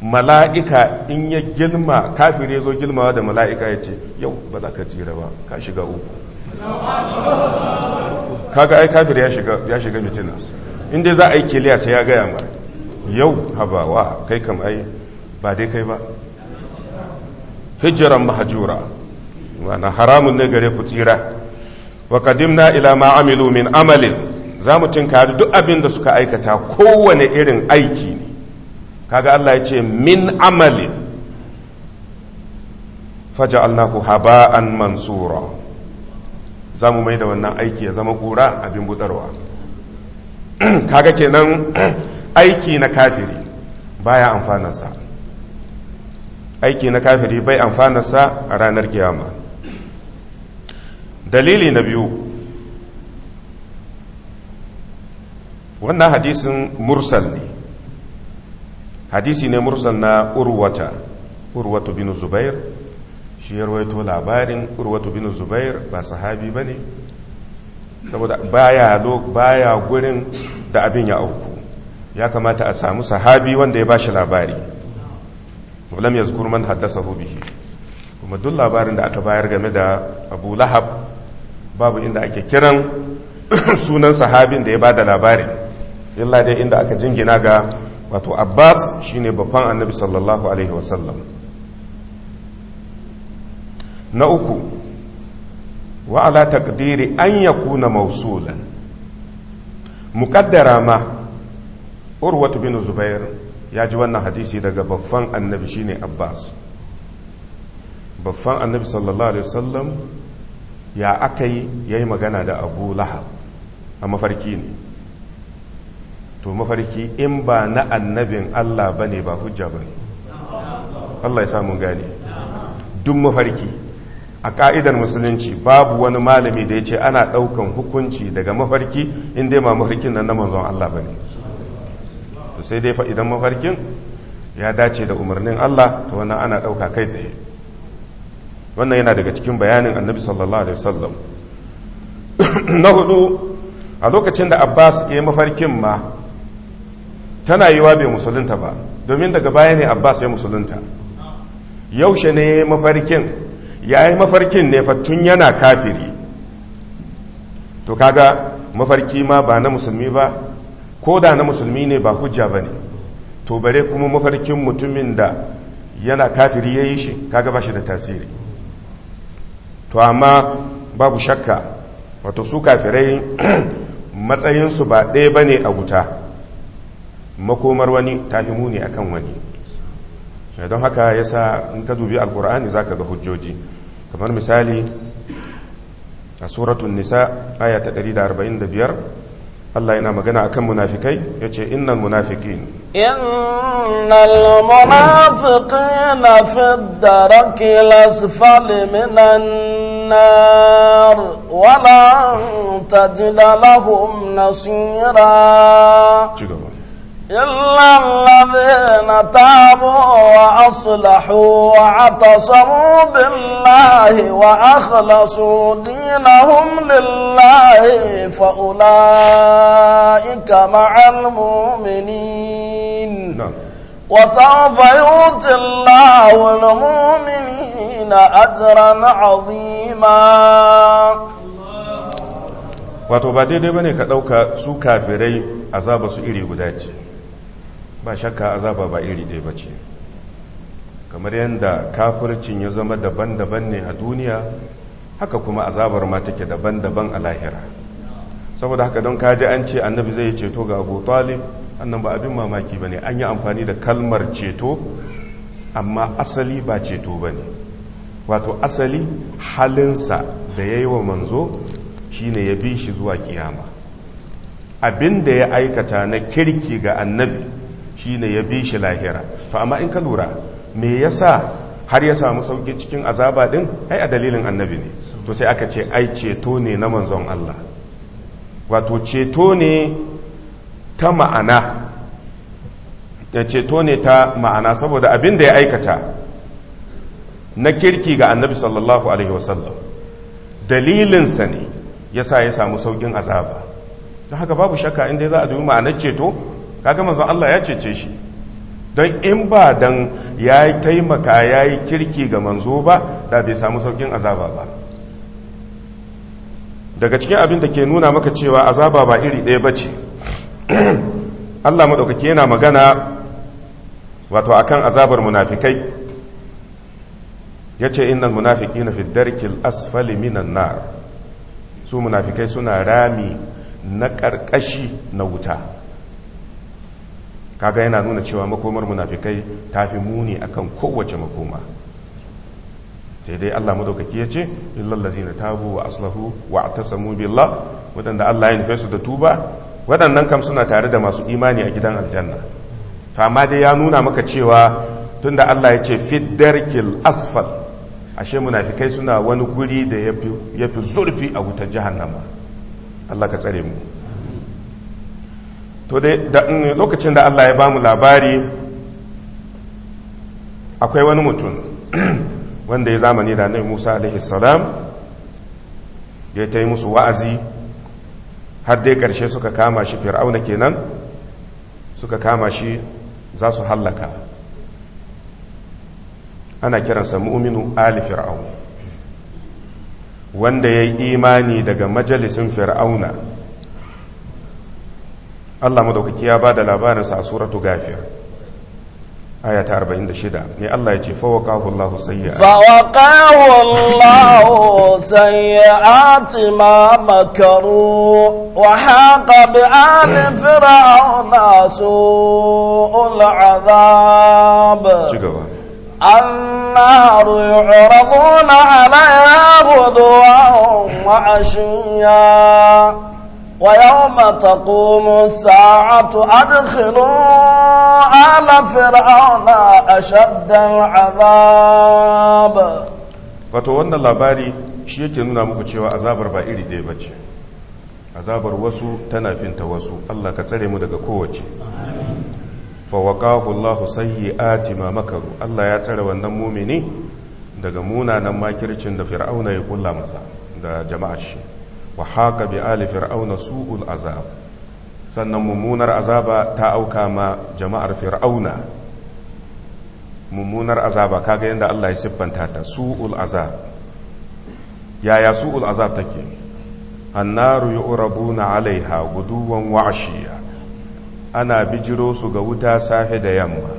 mala'ika in ya gilma kafiri ya zo gilmawa da mala'ika ya ce yau ba za ka tsira ba ka shiga uku kaga ai kafir ya shiga ya shiga mitina in dai za a yi kiliya sai ya gaya ma yau habawa kai kam ai ba dai kai ba hijiran mahajura wana haramun ne gare ku tsira wa kadimna ila ma amilu min amalin za mu tinkari duk abin da suka aikata kowane irin aiki ne kaga Allah ya ce min amalin faja'alnahu haba'an mansura za mu mai da wannan aiki ya zama kura abin butsarwa kaga kenan aiki na kafiri baya amfanarsa aiki na kafiri bai amfanarsa a ranar kiyama dalili na biyu wannan hadisin mursal ne hadisi ne mursal na urwata urwatu bin zubair shi ya labarin urwatu bin zubair ba sahabi ba ne saboda baya gurin da abin ya auku ya kamata a samu sahabi wanda ya bashi shi labari lam yazkur man haddasa bihi kuma duk labarin da aka bayar game da abu lahab babu inda ake kiran sunan sahabin da ya ba da labarin illa dai inda aka jingina ga wato abbas shine babban annabi sallallahu alaihi wasallam na uku wa ala taqdiri an kuna mausulan Muƙaddara ma urwatu bin zubair ya ji wannan hadisi daga babban annabi shine abbas babban annabi sallallahu alaihi wasallam ya aka yi ya yi magana da abu lahab a mafarki ne to mafarki in ba na annabin allah ba ne ba hujja ba ne allah ya samun gane Dun mafarki a ka'idar musulunci babu wani malami da ya ce ana ɗaukan hukunci daga mafarki in ma mafarkin nan na manzon Allah ba ne sai dai fa idan mafarkin ya dace da umarnin Allah ta wannan ana ɗauka kai tsaye wannan yana daga cikin bayanin annabi sallallahu alaihi wasallam na hudu a lokacin da abbas ya mafarkin ma tana yiwa bai musulunta ba domin daga baya ne abbas ya musulunta yaushe ne mafarkin ya yi mafarkin ne tun yana kafiri to kaga mafarki ma ba na musulmi ba ko da na musulmi ne ba hujja ba ne to bare kuma mafarkin mutumin da yana kafiri ya yi shi kaga ba shi da tasiri to amma babu shakka wato su kafirai matsayinsu ba ɗaya ba ne a wuta makomar wani tahimu ne akan wani don haka yasa in ka dubi alkur'ani zaka ga hujjoji kamar misali a suratun nisa aya ta 145 Allah yana magana akan munafikai ya ce innan munafiki innal na fi daraki lasfali minan wala ta تجد لهم نصيرا إلا الذين تابوا وأصلحوا وعتصروا بالله وأخلصوا دينهم لله فأولئك مع المؤمنين نعم. وسوف يؤتي الله المؤمنين أجرا عظيما wato ba daidai bane ka dauka su kafirai azaba su iri guda ce ba shakka azaba ba iri ɗaya ba ce kamar yadda kafircin ya zama daban-daban ne a duniya haka kuma azabar ma take daban-daban a lahira saboda haka don kaji an ce annabi zai ceto ga abu talib annan ba abin mamaki ba ne an yi amfani da kalmar ceto amma asali ba ceto ba ne wato asali halinsa da ya yi wa manzo shine ya bi shi zuwa kiyama abin da ya aikata na kirki ga annabi shine ya bi shi lahira to amma in ka lura me yasa har ya samu sauki cikin azaba din ai a dalilin annabi ne to sai aka ce ai ceto ne na manzon Allah wato ceto ne ta ma'ana da eh, ceto ne ta ma'ana saboda abin da ya aikata na kirki ga annabi sallallahu alaihi wasallam dalilinsa ne yasa ya samu saukin azaba don haka babu shakka inda za a dubi ma'anar ceto kaga manzon Allah ya cece shi don in ba dan ya taimaka ya yi kirki ga manzo ba da bai samu saukin azaba ba daga cikin abin da ke nuna maka cewa azaba ba iri ɗaya bace Allah maɗaukaki yana magana wato akan azabar munafikai ya ce innan munafiki na fiddarkil asfali minan nar su munafikai suna rami na ƙarƙashi na wuta kaga yana nuna cewa makomar munafikai ta fi muni a kan kowace makoma sai dai Allah madaukaki ya ce illallazina ladzina tabu wa aslahu wa atasamu billah waɗanda Allah ya nufe su da tuba waɗannan kam suna tare da masu imani a gidan aljanna to amma dai ya nuna maka cewa tun da Allah ya ce fid asfal ashe munafikai suna wani guri da ya fi zurfi a wutar jahannama Allah ka tsare mu to dai mm, lokacin da Allah ya ba mu labari akwai wani mutum wanda ya zamani da nai Musa alaihi salam ya ta yi musu wa'azi har dai ƙarshe suka kama shi fir'auna kenan suka kama shi za su hallaka ana kiransa mu'minu ali fir'aun wanda ya yi imani daga majalisin fir'auna Allah madaukaki ya ba da labarinsa a suratu gafir aya ta 46 ne Allah ya ce fawaqahu Allah sayyi'a fawaqahu Allah sayyi'ati ma makaru wa haqa bi ali fir'auna su'ul azab ci gaba النار يعرضون عليها غدوا وعشيا ويوم تقوم الساعة أدخلوا آل فرعون أشد العذاب wato wannan labari shi yake nuna muku cewa azabar ba iri ɗaya bace azabar wasu tana finta wasu Allah ka tsare mu daga kowace fa waqahu Allahu sayyi'ati makaru Allah ya tsare wannan mumini daga munanan makircin da fir'auna ya kulla masa da jama'ar shi wa haka bi ali fir'auna su'ul azab sannan mummunar azaba ta auka ma jama'ar fir'auna mummunar azaba kaga yadda Allah ya siffanta ta su'ul azab yaya su'ul azab take annaru yu'rabuna Alayha guduwan wa'shiya ana bijiro su ga wuta safe da yamma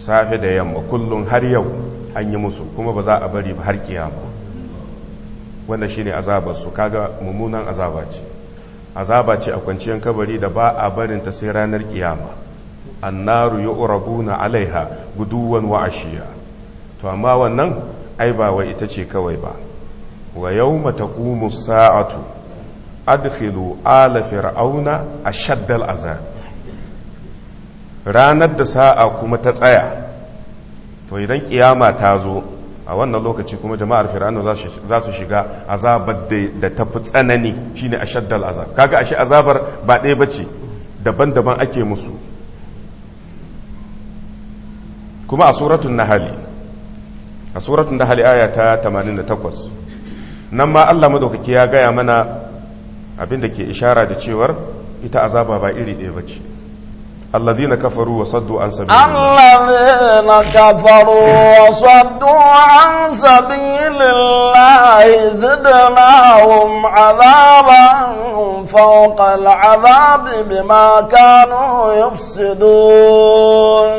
safe da yamma kullum har yau an yi musu kuma ba za a bari ba har kiyama shi shine azabarsu kaga mummunan azaba ce azaba ce a kwanciyar kabari da ba a barin ta sai ranar kiyama annaru na alaiha guduwan wa ashiya to amma wannan ai ba wai ita ce kawai ba wa yawma taqumu sa'atu adkhilu ala fir'auna a azab ranar da sa'a kuma ta tsaya to idan kiyama ta zo a wannan lokaci kuma jama'ar fir'auna za su shiga azabar da ta tsanani shine ashaddal azab kaga ashe azabar ba ɗaya ba ce daban-daban ake musu kuma a suratun nahali a suratun nahali aya ta 88 nan ma Allah madaukaki ya gaya mana abin da ke ishara da cewar ita azaba ba iri ɗaya ba ce. الذين كفروا وصدوا عن سبيل الذين كفروا وصدوا عن سبيل الله زدناهم عذابا فوق العذاب بما كانوا يفسدون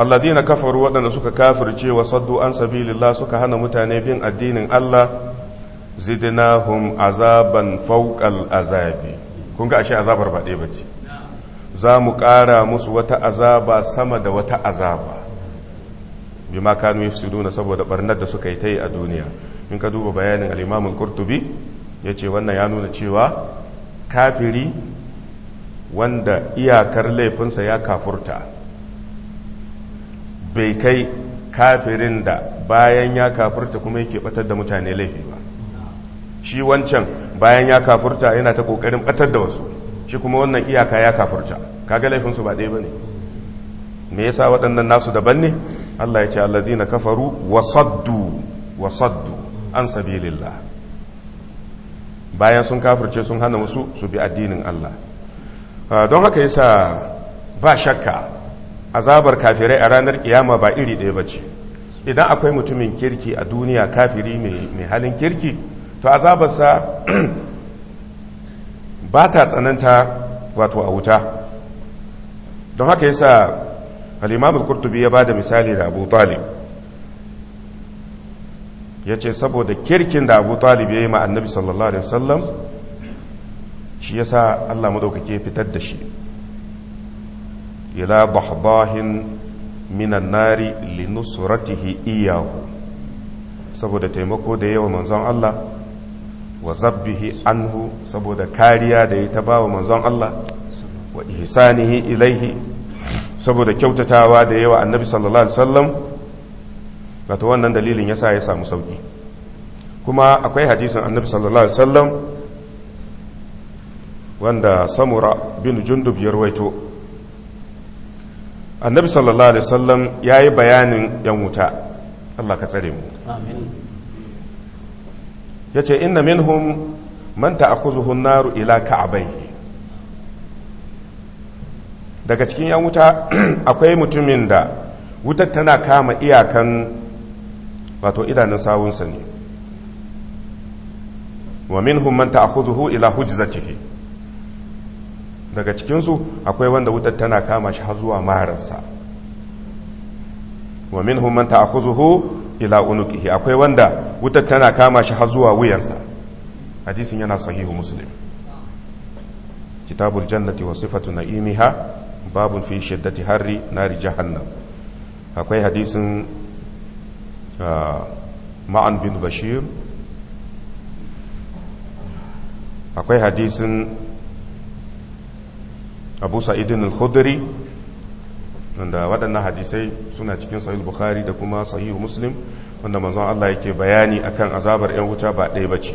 الذين كفروا ودن سوك كافر جي وصدوا عن سبيل الله سوك هنا متاني بين الدين الله زدناهم عذابا فوق العذاب كونك أشياء عذاب ربا دي بتي za mu ƙara musu wata azaba sama da wata azaba bi ma kanu yafsiduna saboda barnar da suka yi ta yi a duniya in ka duba bayanin al kurtubi ya Ya ce wannan ya nuna cewa kafiri wanda iyakar laifinsa ya kafurta bai kai kafirin da bayan ya kafurta kuma yake batar da mutane laifi ba shi wancan bayan ya kafurta yana ta ƙoƙarin batar da wasu shi kuma wannan iyaka ya kafurta kaga laifinsu ba ɗaya ba ne me yasa waɗannan nasu daban ne Allah ya ce allazina kafaru wasaddu wasaddu an sabilillah bayan sun kafurce sun hana musu su bi addinin Allah ah, don haka yasa ba shakka azabar kafirai a ranar kiyama ba iri ɗaya ba ce idan akwai mutumin kirki a duniya kafiri mai halin kirki to azabarsa ba ta tsananta wato a wuta don haka yasa al'imamul kurtubi ya ba da misali da abu talib ya ce saboda kirkin da abu talib ya yi ma annabi sallallahu alaihi wasallam shi yasa allah madaukake fitar da shi ila bahbahin minan nari linusratihi iyahu saboda taimako da yawa manzon allah wa zabbihi anhu saboda kariya da ya ta wa manzon Allah wa ihsanihi ilaihi saboda kyautatawa da yawa annabi sallallahu alaihi wasallam wato wannan dalilin yasa ya samu sauki kuma akwai hadisin annabi sallallahu alaihi wasallam wanda samura bin jundub ya ruwaito annabi sallallahu alaihi wasallam yayi bayanin yan wuta Allah ka tsare mu amin ya ce inna minhum man an naru ila ka'abai daga cikin yan wuta akwai mutumin da wutar tana kama iyakan wato idanun sawunsa ne wa minhum man ta'khuzuhu ila hujzatihi daga cikinsu akwai wanda wutar tana kama shi har zuwa maharsa wa minhum man ta'khuzuhu ila unuqihi akwai wanda wutar tana kama shi har zuwa wuyansa hadisin yana sahihu muslim kitabul jannati wa sifatu na'imiha babun fi shiddati harri nari jahannam akwai hadisin ah, ma'an bin bashir akwai hadisin abu sa'idin al-khudri wanda waɗannan hadisai suna cikin sahih bukhari da kuma sahih muslim wanda manzon Allah yake bayani akan azabar yan wuta ba ɗaya bace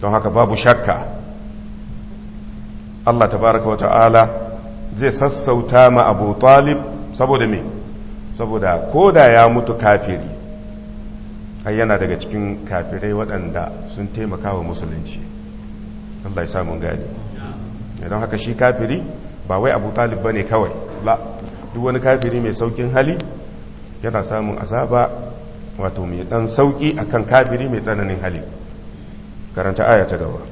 don haka babu shakka Allah tabaraka wa ta'ala zai sassauta ma Abu Talib saboda me saboda ko da ya mutu kafiri ai yana daga cikin kafirai waɗanda sun taimaka wa musulunci Allah ya samu gani don haka shi kafiri ba wai abu talib ba ne kawai la duk wani kafiri mai saukin hali yana samun azaba wato mai dan sauki akan kafiri mai tsananin hali karanta aya ta gaba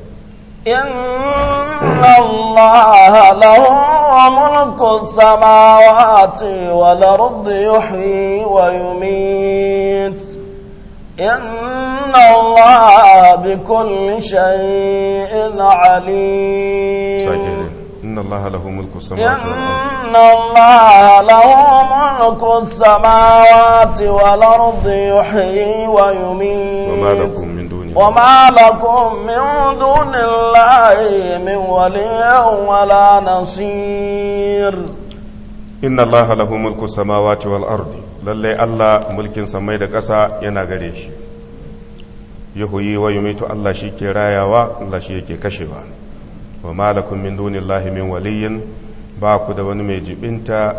إن الله له ملك السماوات والأرض يحيي ويميت إن الله بكل alim sake إن الله له ملك السماوات والأرض إن الله له ملك السماوات والأرض يحيي ويميت وما لكم من دون وما لكم من دون الله من ولي ولا نصير إن الله له ملك السماوات والأرض للي الله ملك سميد قسا ينغريش يحيي ويميت الله شيكي رايا الله شيكي كشفان wa malakun min dunillahi min waliyin ba ku da wani mai jibinta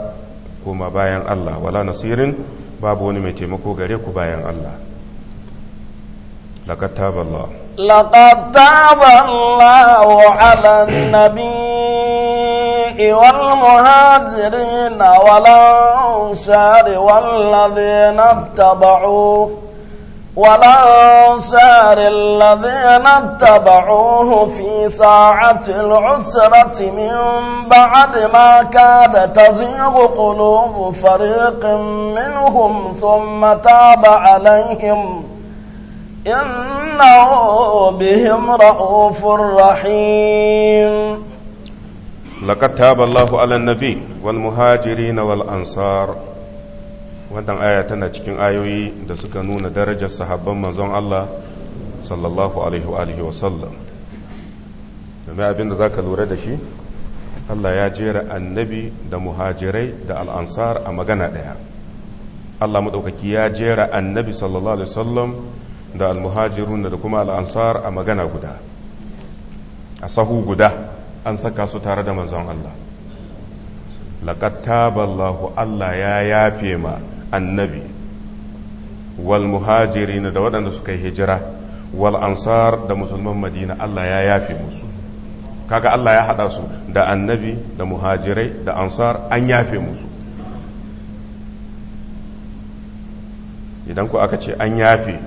kuma bayan Allah wala nasirin babu wani mai taimako gare ku bayan Allah laqad taballah laqad taballahu ala nabi wal muhajirin wal ansari والأنصار الذين اتبعوه في ساعة العسرة من بعد ما كاد تزيغ قلوب فريق منهم ثم تاب عليهم إنه بهم رؤوف رحيم لقد تاب الله على النبي والمهاجرين والأنصار wannan aya tana cikin ayoyi da suka nuna darajar sahabban manzon Allah sallallahu alaihi wa alihi wasallam domin abin da za ka lura da shi Allah ya jera annabi da muhajirai da al'ansar a magana ɗaya Allah maɗaukaki ya jera annabi sallallahu alaihi wa sallam da almuhajirun da kuma al'ansar a magana guda a sahu guda an saka su tare da manzon Allah laƙattaballahu Allah ya yafe ma annabi wal muhajirin da waɗanda suka yi hijira wal ansar da musulman madina Allah ya yafe musu kaga Allah ya haɗa su da annabi da muhajirai da ansar an yafe musu idan ku aka ce an yafe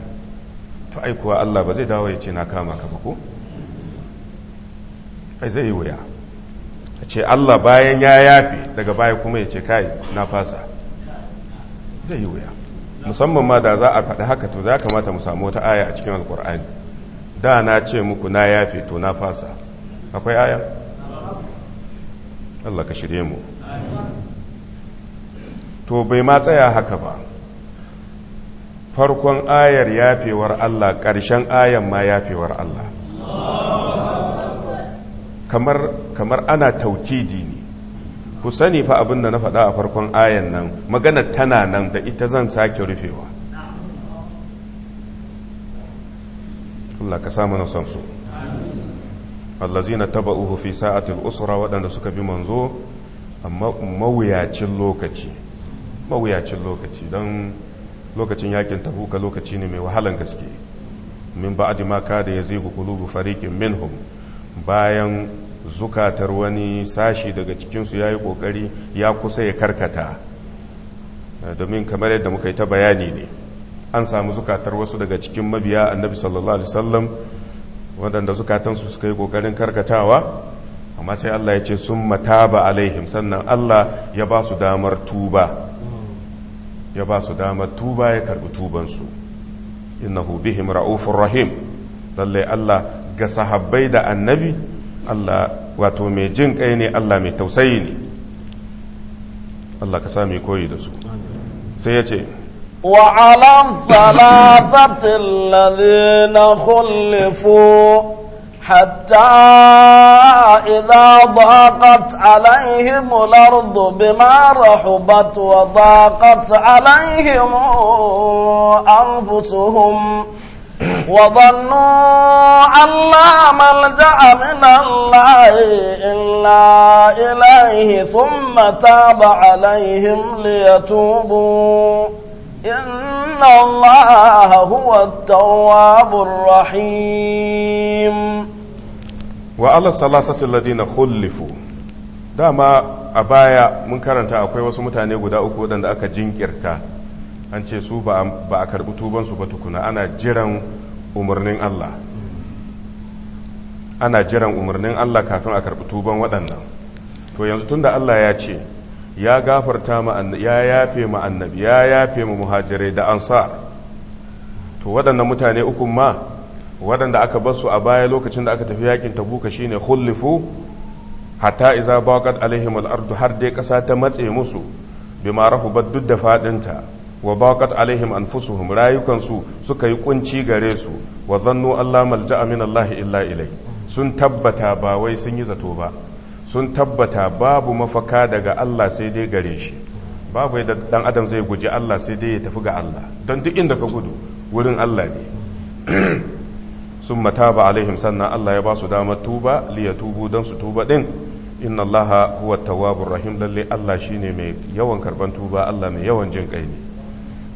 to ai kuwa Allah ba zai dawo ya ce na kama ka ba ko ai zai yi wuya a ce Allah bayan ya yafe daga baya kuma ya ce kai na fasa zai yi wuya musamman ma da za a faɗi haka to za a kamata mu samu wata aya a cikin alkur'ani da na ce muku na yafe to na fasa akwai aya Allah ka shirye mu to bai ma tsaya haka ba farkon ayar yafewar Allah ƙarshen ayan ma yafewar Allah kamar ana tauki dini ku sani fa abin da na faɗa a farkon ayan nan magana tana nan da ita zan sake rufewa Allah ka samu na son su allazina taba'uhu fi sa'atil usra waɗanda suka bi manzo a mawuyacin lokaci mawuyacin lokaci don lokacin yakin tabuka lokaci ne mai wahalan gaske min ba'di ma kada yazigu kulubu farikin minhum bayan zukatar wani sashi daga cikinsu ya yi ƙoƙari ya kusa ya karkata eh, domin kamar yadda muka yi ta bayani ne an samu zukatar wasu daga cikin mabiya annabi sallallahu alaihi wasallam waɗanda zukatansu suka yi ƙoƙarin karkatawa amma sai Allah ya ce sun mataba alaihim sannan Allah ya ba su damar tuba ya ba su damar tuba ya karɓi tubansu innahu bihim ra'ufur rahim lallai Allah ga sahabbai da annabi Allah wato mai jin kai ne Allah mai tausayi ne Allah ka sa koyi da su sai ya ce wa alam salatatil ladina khulifu hatta idza daqat alaihim al-ard bima rahabat wa daqat alaihim anfusuhum وظنوا أن لا ملجأ من الله إلا إليه ثم تاب عليهم ليتوبوا إن الله هو التواب الرحيم وعلى الثلاثة الذين خلفوا داما أبايا من كانت أقوى وسمتها نيقو دا أكو دا أكا جنكرتا an ce su ba a karɓi tubansu ba tukuna ana jiran umarnin Allah ana jiran umarnin Allah kafin a karɓi tuban waɗannan to yanzu tunda Allah ya ce ya gafarta ya yafe mu annabi ya yafe mu muhajirai da ansar to waɗannan mutane uku ma waɗanda aka basu a baya lokacin da aka tafi yakin tabuka shine khullifu hatta iza baqat alaihim al-ardu har dai ƙasa ta matse musu bima ba duk da faɗinta. wa baqat alaihim anfusuhum rayukansu suka yi kunci gare su wa zannu Allah malja'a min Allah illa ilai sun tabbata ba wai sun yi zato ba sun tabbata babu mafaka daga Allah sai dai gare shi babu yadda dan adam zai guji Allah sai dai ya tafi ga Allah don duk inda ka gudu wurin Allah ne sun mataba alaihim sannan Allah ya ba su damar tuba liyatubu don su tuba din inna allaha huwa tawwabur rahim lalle Allah shine mai yawan karban tuba Allah mai yawan jin kai ne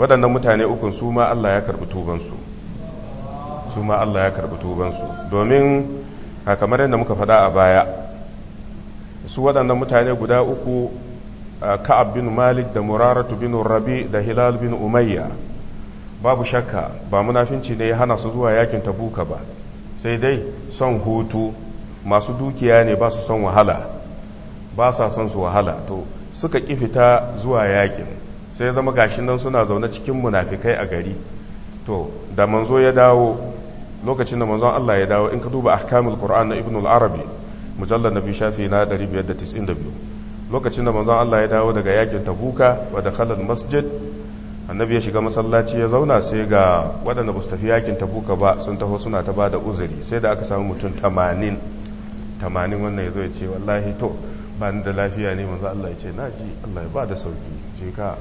waɗannan mutane ukun su ma Allah ya karɓi tubansu su ma Allah ya karɓi tubansu domin a kamar yadda muka faɗa a baya su waɗannan mutane guda uku ka'ab bin malik da muraratu bin rabi da hilal bin umayya babu shakka ba munafinci ne ya hana su zuwa yakin tabuka ba sai dai son hutu masu dukiya ne ba su son wahala ba sa son su wahala to suka ƙi fita zuwa yakin sai zama gashin nan suna zaune cikin munafikai a gari to da manzo ya dawo lokacin da manzon Allah ya dawo in ka duba ahkamul qur'an na ibn al-arabi mujallad nabi shafi na 592 lokacin da manzon Allah ya dawo daga yakin tabuka wa dakhala al-masjid annabi ya shiga masallaci ya zauna sai ga waɗanda ba su tafi yakin tabuka ba sun taho suna ta bada uzuri sai da aka samu mutum 80 80 wannan yazo ya ce wallahi to ba da lafiya ne manzo Allah ya ce na Allah ya bada sauki je ka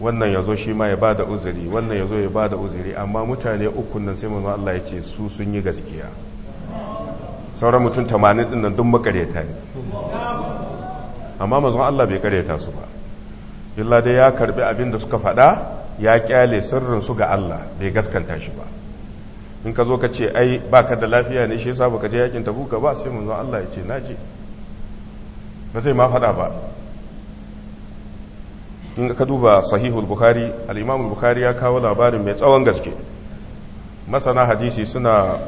wannan ya zo shi ma ya ba da uzuri wannan ya zo ya ba da uzuri amma mutane ukun nan sai manzon Allah ya ce su sun yi gaskiya sauran mutum tamanin din nan duk makareta ne amma manzon Allah bai kareta su ba illa dai ya karbi abin da suka faɗa ya kyale sirrin su ga Allah bai gaskanta shi ba in ka zo ka ce ai baka da lafiya ne shi yasa baka je yakin tabuka ba sai manzon Allah ya ce je ba zai ma faɗa ba in ka duba sahihul bukhari al-imam bukhari ya kawo labarin mai tsawon gaske masana hadisi suna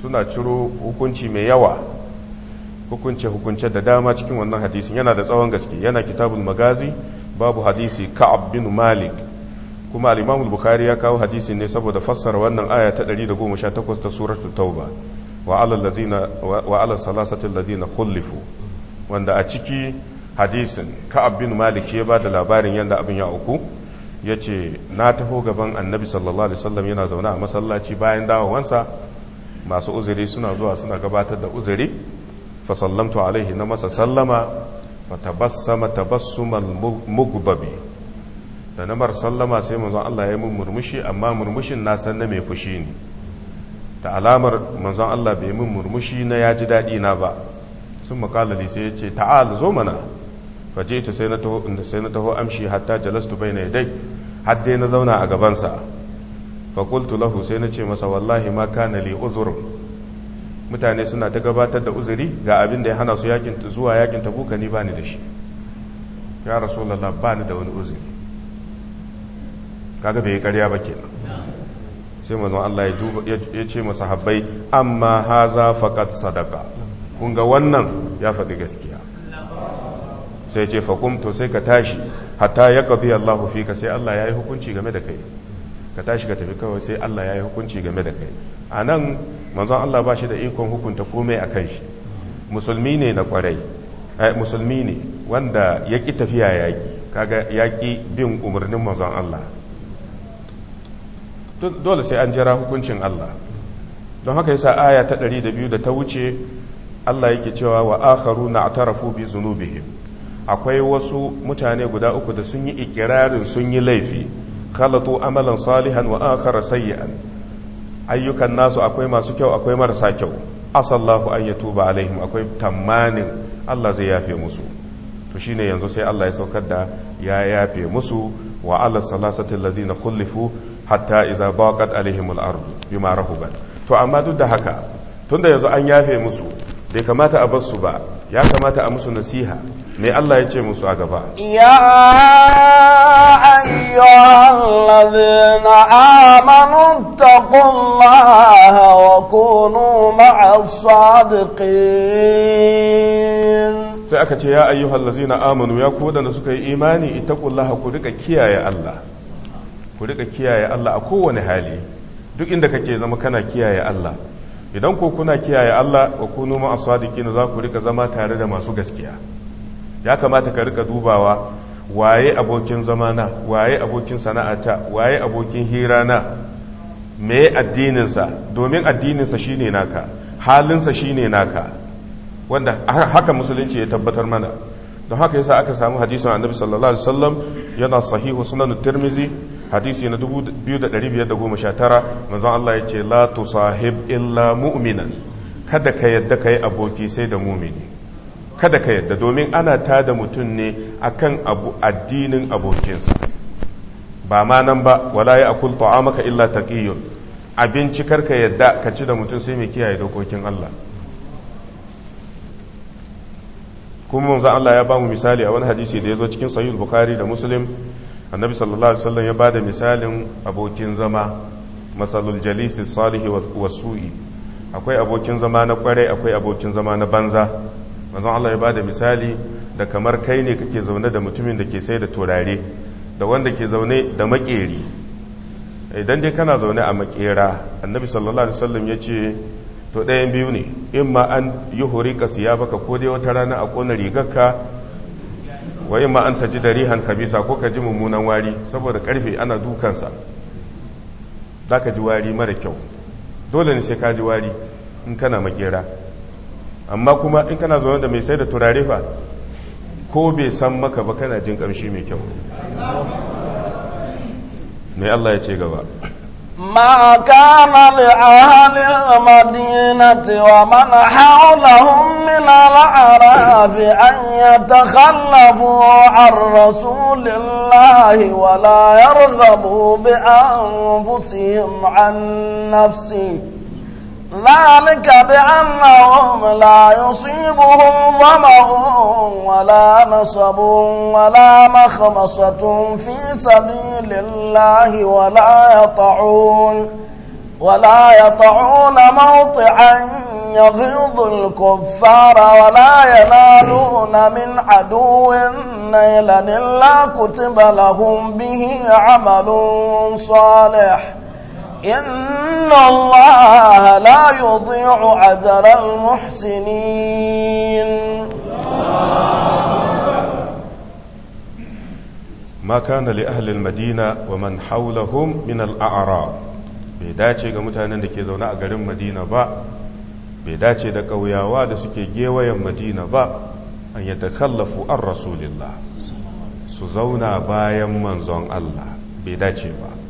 suna ciro hukunci mai yawa hukunce hukunce da dama cikin wannan hadisin yana da tsawon gaske yana kitabul magazi babu hadisi ka'ab bin malik kuma al-imam bukhari ya kawo hadisi ne saboda fassara wannan aya ta 118 ta suratul tauba wa alal ladina wa alal salasati alladina khulifu wanda a ciki hadisin ka'ab bin malik ya ba da labarin yadda abin ya auku ya ce na taho gaban annabi sallallahu alaihi wasallam yana zaune a masallaci bayan dawowansa masu uzuri suna zuwa suna gabatar da uzuri fa sallamtu alaihi na masa sallama fa tabassama tabassumal mugbabi da na mar sallama sai manzon Allah ya yi mun murmushi amma murmushin na san na mai fushi ne da alamar manzon Allah bai mun murmushi na ya ji daɗi na ba sun makalali sai ya ce ta'al zo mana faje ta sai na taho inda sai na taho amshi hatta jalastu baina yadai har dai na zauna a gabansa fa sai na ce masa wallahi ma kana li mutane suna ta gabatar da uzuri ga abin da ya hana su yakin zuwa yakin tabuka ni bani da shi ya rasulullah bani da wani uzuri kaga bai karya ba kenan sai mazan Allah ya ce masa habbai amma haza faqat sadaka kun ga wannan ya faɗi gaskiya sai ce fakum to sai ka tashi hatta ya Allah fi ka sai Allah ya yi hukunci game da kai ka tashi ka tafi kawai sai Allah ya yi hukunci game da kai a nan manzon Allah ba shi da ikon hukunta komai a kan shi musulmi ne na kwarai eh, musulmi ne wanda ya ƙi tafiya yaƙi kaga yaƙi bin umarnin manzon Allah dole sai an jira hukuncin Allah don haka yasa aya ta 102 da ta wuce Allah yake cewa wa akharu na'tarafu bi zunubihim akwai wasu mutane guda uku da sun yi ikirarin sun yi laifi khalatu amalan salihan wa akhara sayyi'an ayyukan nasu akwai masu kyau akwai marasa kyau asallahu an tuba alaihim akwai tamanin Allah zai yafe musu to shine yanzu sai Allah ya saukar da ya yafe musu wa ala salasati alladhina khulifu hatta idza baqat alaihim al-ardu bima rahubat to amma duk da haka tunda yanzu an yafe musu bai kamata a bar su ba ya kamata a musu nasiha mai Allah ya ce musu a gaba ya ayyo ayyuhallazina amanu taqullaha wa kunu ma'as sadiqin sai aka ce ya halazina amanu ya ku da suka yi imani itaqullaha ku rika kiyaye Allah ku rika kiyaye Allah a kowane hali duk inda kake zama kana kiyaye Allah idan ko kuna kiyaye Allah wa kunu ma asadiki na za ku rika zama tare da masu gaskiya ya kamata ka rika dubawa waye abokin zamana waye abokin sana'ata waye abokin na me addininsa domin addininsa shine naka halinsa shine naka wanda haka musulunci ya tabbatar mana don haka yasa aka samu hadisin annabi sallallahu alaihi wasallam yana sahihu sunan tirmizi hadisi na 2519 manzon Allah ya ce la tusahib illa mu'minan kada ka yadda ka yi aboki sai da mumini kada ka yadda domin ana ta da mutum ne akan abu addinin abokinsa ba ma nan ba wala ya akul ta'amaka illa taqiyyun abinci karka yadda ka ci da mutum sai mai kiyaye dokokin Allah kuma manzo Allah ya ba mu misali a wani hadisi da ya zo cikin sahih bukhari da muslim annabi sallallahu alaihi wasallam ya bada misalin abokin zama masalul jalisi salihi wa su'i akwai abokin zama na kware akwai abokin zama na banza manzon Allah ya bada misali da kamar kai ne kake zaune da mutumin da ke sai da turare da wanda ke zaune da makeri idan dai kana zaune a makera annabi sallallahu alaihi wasallam ya ce to ɗayan biyu ne in ma an yi horika siya baka ko dai wata rana a ƙona rigarka wa ma an taji darihan kabisa ko ka ji mummunan wari saboda karfe ana dukansa za ka ji wari mara kyau dole ne sai ka ji wari in kana magera amma kuma in kana zaune da mai sai da turare fa ko bai san maka ba kana jin kamshi mai kyau mai Allah ya ce gaba ما كان لأهل المدينة ومن حولهم من الأعراب أن يتخلفوا عن رسول الله ولا يرغبوا بأنفسهم عن نفسه ذلك بأنهم لا يصيبهم ظمأ ولا نصب ولا مخمصة في سبيل الله ولا يطعون ولا يطعون موطعا يغيظ الكفار ولا ينالون من عدو نيلا إلا كتب لهم به عمل صالح إن الله لا يضيع أجر المحسنين ما كان لأهل المدينة ومن حولهم من الأعراب bai dace ga mutanen da ke zaune a garin madina ba bai dace da ƙauyawa da suke gewayen madina ba an yi takallafu an rasulillah su zauna bayan manzon Allah bai dace ba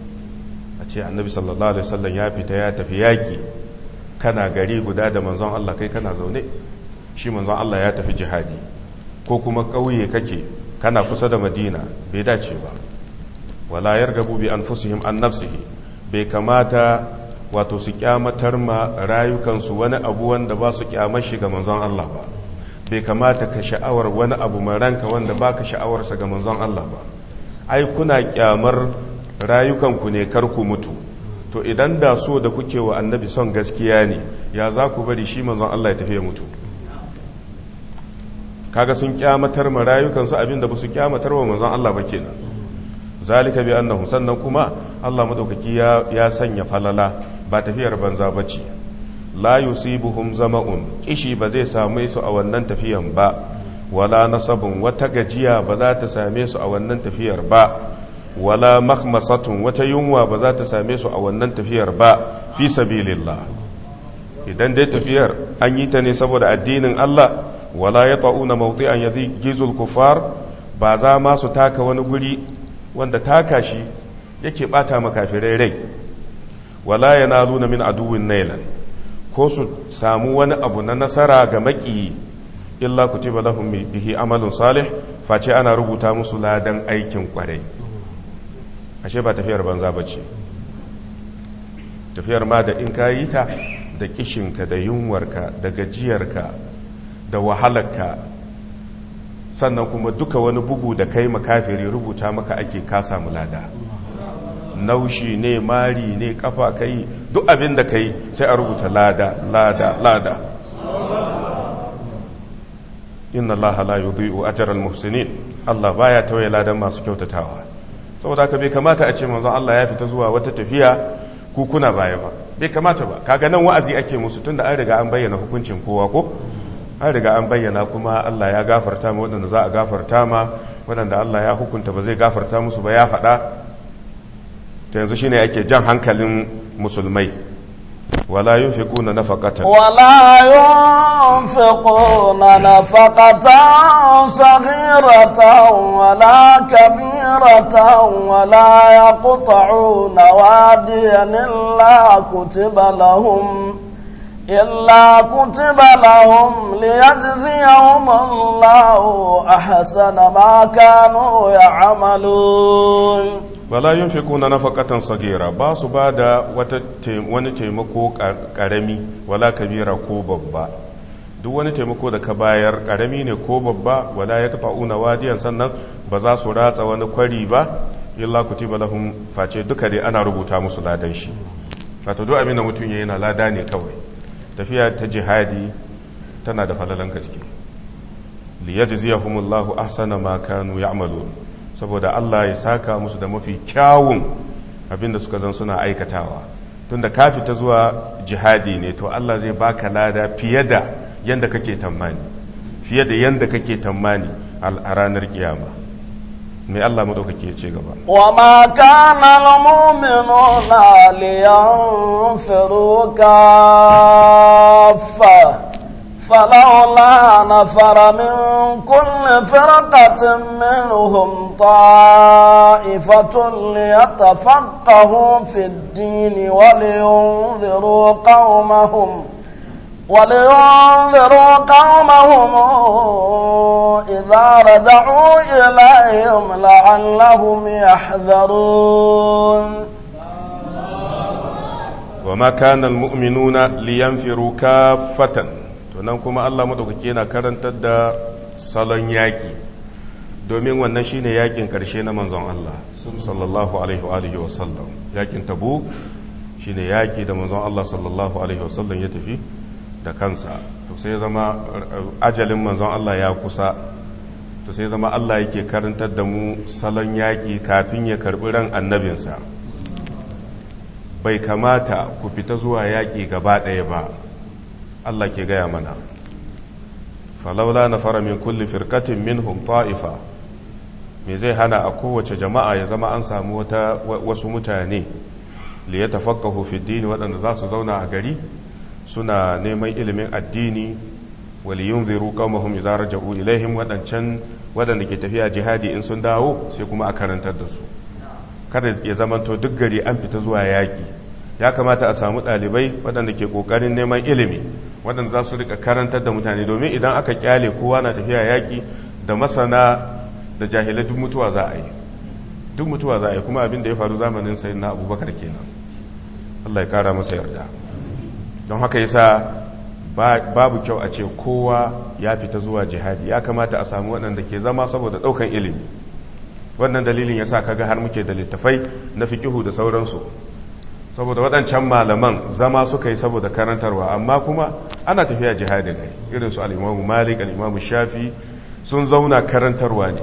a ce annabi sallallahu alaihi wasallam ya fita ya tafi yaki kana gari guda da manzon Allah kai kana zaune shi manzon Allah ya tafi jihadi ko kuma kauye kake kana kusa da madina bai dace ba wala yargabu bi anfusihim an nafsihi bai kamata wato su kyamatar ma rayukansu wani abu wanda ba su kyamar shi ga manzon Allah ba bai kamata ka sha'awar wani abu mai ranka wanda ba ka sha'awarsa ga manzon Allah ba ai kuna kyamar rayukanku ne kar ku mutu to idan da so da kuke wa annabi son gaskiya ne ya za ku bari shi manzon Allah ya tafi ya mutu kaga sun kyamatar ma rayukansu abinda ba su kyamatar wa manzon Allah ba kenan zalika bi annahu sannan kuma Allah madaukaki ya ya sanya falala ba tafiyar banza bace la yusibuhum zama'un kishi ba zai same su a wannan tafiyan ba wala nasabun wata gajiya ba za ta same su a wannan tafiyar ba wala mahmasatun wata yunwa ba za ta same su a wannan tafiyar ba fi sabilillah idan dai tafiyar an yi ta ne saboda addinin Allah wala ya ta'una mawti'an yadhigizul kufar ba za ma su taka wani guri wanda taka shi yake bata makafirai rai wala yanaluna min aduwin nailan ko su samu wani abu na nasara ga maƙiyi illa kutiba lahum bihi amalun salih face ana rubuta musu ladan aikin kwarai ashe ba tafiyar banza ba ce tafiyar ma da in ka yi ta da kishinka da yunwarka da gajiyarka da wahalarka sannan kuma duka wani bugu da kai makafiri rubuta maka ake kasa mulada lada naushi ne mari ne kafa kai duk abin da kai sai a rubuta lada lada lada inna allaha la yudhi'u ajra al-muhsinin allah baya tawaye ladan masu kyautatawa saboda ka bai kamata a ce manzon Allah ya fita zuwa wata tafiya ku kuna baya ba bai kamata ba kaga nan wa'azi ake musu tunda an riga an bayyana hukuncin kowa ko an riga an bayyana kuma Allah ya gafarta ma waɗanda za a gafarta ma waɗanda Allah ya hukunta ba zai gafarta musu ba ya faɗa ta yanzu shine ake jan hankalin musulmai ولا ينفقون نفقة ولا ينفقون نفقة صغيرة ولا كبيرة ولا يقطعون واديا إلا كتب لهم إلا كتب لهم ليجزيهم الله أحسن ما كانوا يعملون ba ينفقون نفقة صغيرة wani بعد ونتيمكو كرمي ولا كبيرة babba, duk wani taimako da ka bayar karami ne ko babba wala ya tafa una wadiyan sannan ba za su ratsa wani kwari ba illa kutiba lahum face duka dai ana rubuta musu ladan shi wato duk abin da mutum yayi na lada ne kawai tafiya ta jihadi tana da falalan gaske liyajziyahumullahu ahsana ma kanu ya'malun saboda Allah ya saka musu da mafi kyawun abinda suka zan suna aikatawa tunda ka fita zuwa jihadi ne to Allah zai baka lada fiye da yadda kake tamani fiye da yanda kake tamani a ranar kiyama mai Allah madaukake ya ce gaba wa ma kana al-mu'minuna liyanfiru صفا فلولا نفر من كل فرقة منهم طائفة ليتفقهوا في الدين ولينذروا قومهم ولينذروا قومهم إذا رجعوا إليهم لعلهم يحذرون wa ma kana almu'minuna liyanfiru kaffatan to nan kuma Allah madaukake yana karantar da salon yaki domin wannan shine yakin karshe na manzon Allah sallallahu alaihi wa alihi wa sallam yakin tabu shine yaki da manzon Allah sallallahu alaihi wa sallam ya tafi da kansa to sai zama eh, ajalin manzon Allah ya kusa to sai zama Allah yake karantar da mu salon yaƙi kafin ya karɓi ran annabinsa bai kamata ku fita zuwa yaƙi gaba ɗaya ba Allah ke gaya mana falaula na fara min kulli firkatin minhum ta'ifa me zai hana a kowace jama'a ya zama an samu wasu mutane da ya tafakkahu dini waɗanda za su zauna a gari suna neman ilimin addini waliyun yunziru qaumahum idza raja'u ilaihim waɗancan waɗanda ke tafiya jihadi in sun dawo sai kuma a karantar da su kada ya zamanto duk gari an fita zuwa yaƙi ya kamata a samu ɗalibai waɗanda ke ƙoƙarin neman ilimi waɗanda za su rika karantar da mutane domin idan aka ƙyale kowa na tafiya yaƙi da masana da jahilai duk mutuwa za a yi duk mutuwa za a yi kuma abin da ya faru zamanin sai na abubakar kenan allah ya kara masa yarda don haka yasa babu kyau a ce kowa ya fita zuwa jihadi ya kamata a samu waɗanda ke zama saboda ɗaukan ilimi wannan dalilin ya sa kaga har muke da littafai na fikihu da sauransu saboda waɗancan malaman zama suka yi saboda karantarwa amma kuma ana tafiya jihadin ne irin su al'imamu malik al'imamu shafi sun zauna karantarwa ne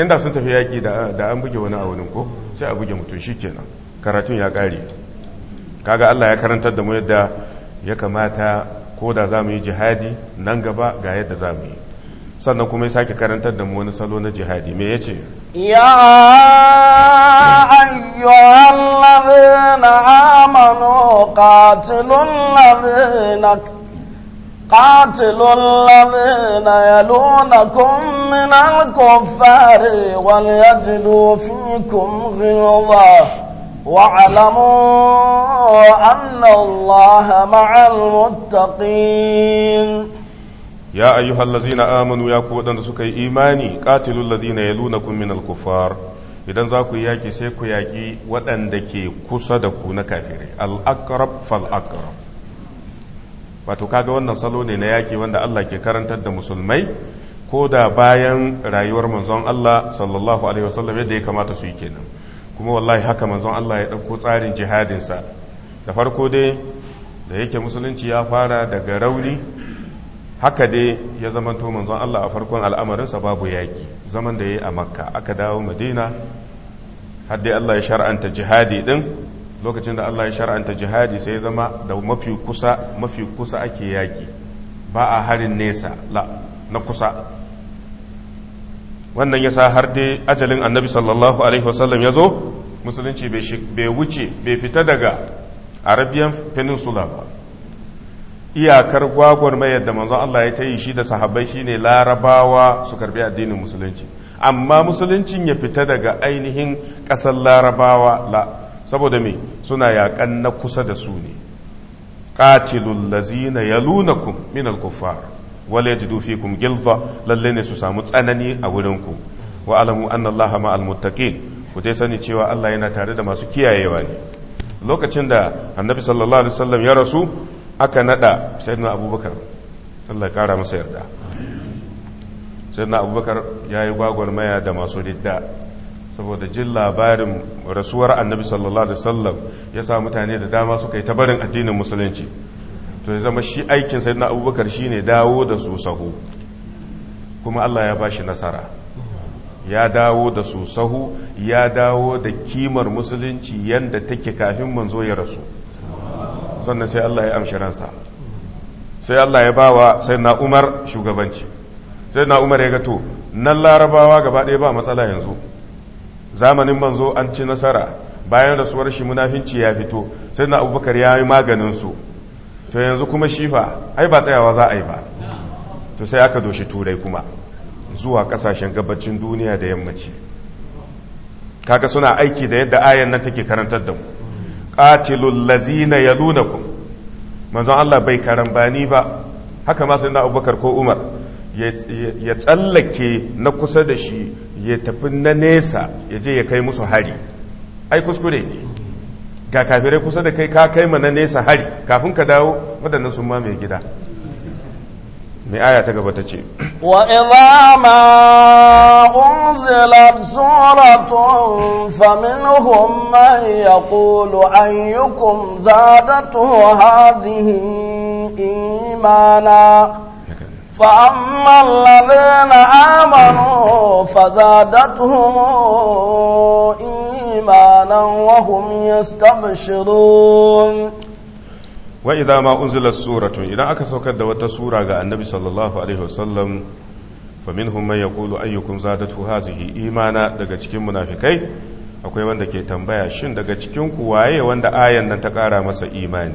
inda sun tafi yaƙi da an buge wani a ko sai a buge mutum shi kenan karatun ya ƙare kaga allah ya karantar da mu yadda ya kamata ko da za mu yi jihadi nan gaba ga yadda za mu yi sannan kuma ya sake karantar da mu wani salo na jihadi me yace ya ayyuhal ladhina amanu qatilul ladhina قاتلوا الذين يلونكم من الكفار وليجدوا فيكم wa alamu أن الله ma'al المتقين ya ayyuhal ladzina amanu ya ku waɗanda suka yi imani qatilul ladzina yalunakum minal kuffar idan za ku yaki sai ku yaki waɗanda ke kusa da ku na kafirai al aqrab wato kaga wannan salo ne na yaki wanda Allah ke karantar da musulmai ko da bayan rayuwar manzon Allah sallallahu alaihi wasallam yadda ya kamata su yi kenan kuma wallahi haka manzon Allah ya ɗauko tsarin jihadinsa da farko dai da yake musulunci ya fara daga rauni haka dai ya zama to manzon Allah a farkon al'amarinsa babu yaƙi zaman da ya yi a makka aka dawo madina har dai Allah ya shar'anta jihadi din lokacin da Allah ya shar'anta jihadi sai ya zama da mafi kusa mafi kusa ake yaƙi ba a harin nesa la na kusa wannan yasa har dai ajalin annabi sallallahu alaihi wasallam ya zo musulunci bai wuce bai fita daga arabian peninsula ba iyakar gwagwarmayar yadda manzon Allah ya ta shi da sahabbai shine larabawa su karbi addinin musulunci amma musuluncin ya fita daga ainihin ƙasar larabawa la saboda me suna yaƙan na kusa da su ne qatilul lazina yalunakum min al-kuffar wala yajidu fikum gilza lalle ne su samu tsanani a wurin ku wa alamu anna Allah ma'al muttaqin ku dai sani cewa Allah yana tare da masu kiyayewa ne lokacin da annabi sallallahu alaihi wasallam ya rasu aka nada sayyidina abubakar Allah ya kara masa yarda sayyidina abubakar ya yi gwagwarmaya da masu ridda saboda jin labarin rasuwar annabi sallallahu alaihi wasallam ya sa mutane da dama suka yi tabarin addinin musulunci to ya zama shi aikin sayyidina abubakar shine dawo da su sahu kuma Allah ya bashi nasara ya dawo da su sahu ya dawo da kimar musulunci yanda take kafin manzo ya rasu sannan sai Allah ya amshi ransa sai Allah ya bawa sai na Umar shugabanci sai na Umar ya gato nan larabawa gaba ɗaya ba matsala yanzu zamanin manzo an ci nasara bayan rasuwar shi munafinci ya fito sai na abubakar ya yi maganin su to yanzu kuma shifa ai ba tsayawa za a yi ba to sai aka doshi turai kuma zuwa kasashen gabacin duniya da yammaci kaga suna aiki da yadda ayan nan take karantar da mu qatilul lazina yalunakum manzon Allah bai karambani ba haka ma sai Abubakar ko Umar ya tsallake na kusa da shi ya tafi na nesa ya je ya kai musu hari ai kuskure ne ga kafirai kusa da kai ka kai ma na nesa hari kafin ka dawo waɗannan sun mai gida mai aya ta gaba ta ce wa idza ma unzilat suratun faminhum man yaqulu ayyukum zadatu hadhihi imana فأما الذين آمنوا فزادتهم إيمانا وهم يستبشرون wa idza ma unzilat suratun idan aka saukar da wata sura ga annabi sallallahu alaihi wasallam minhum man yaqulu ayyukum zadatu hazihi imana daga cikin munafikai akwai wanda ke tambaya shin daga cikin ku waye wanda ayan nan ta kara masa imani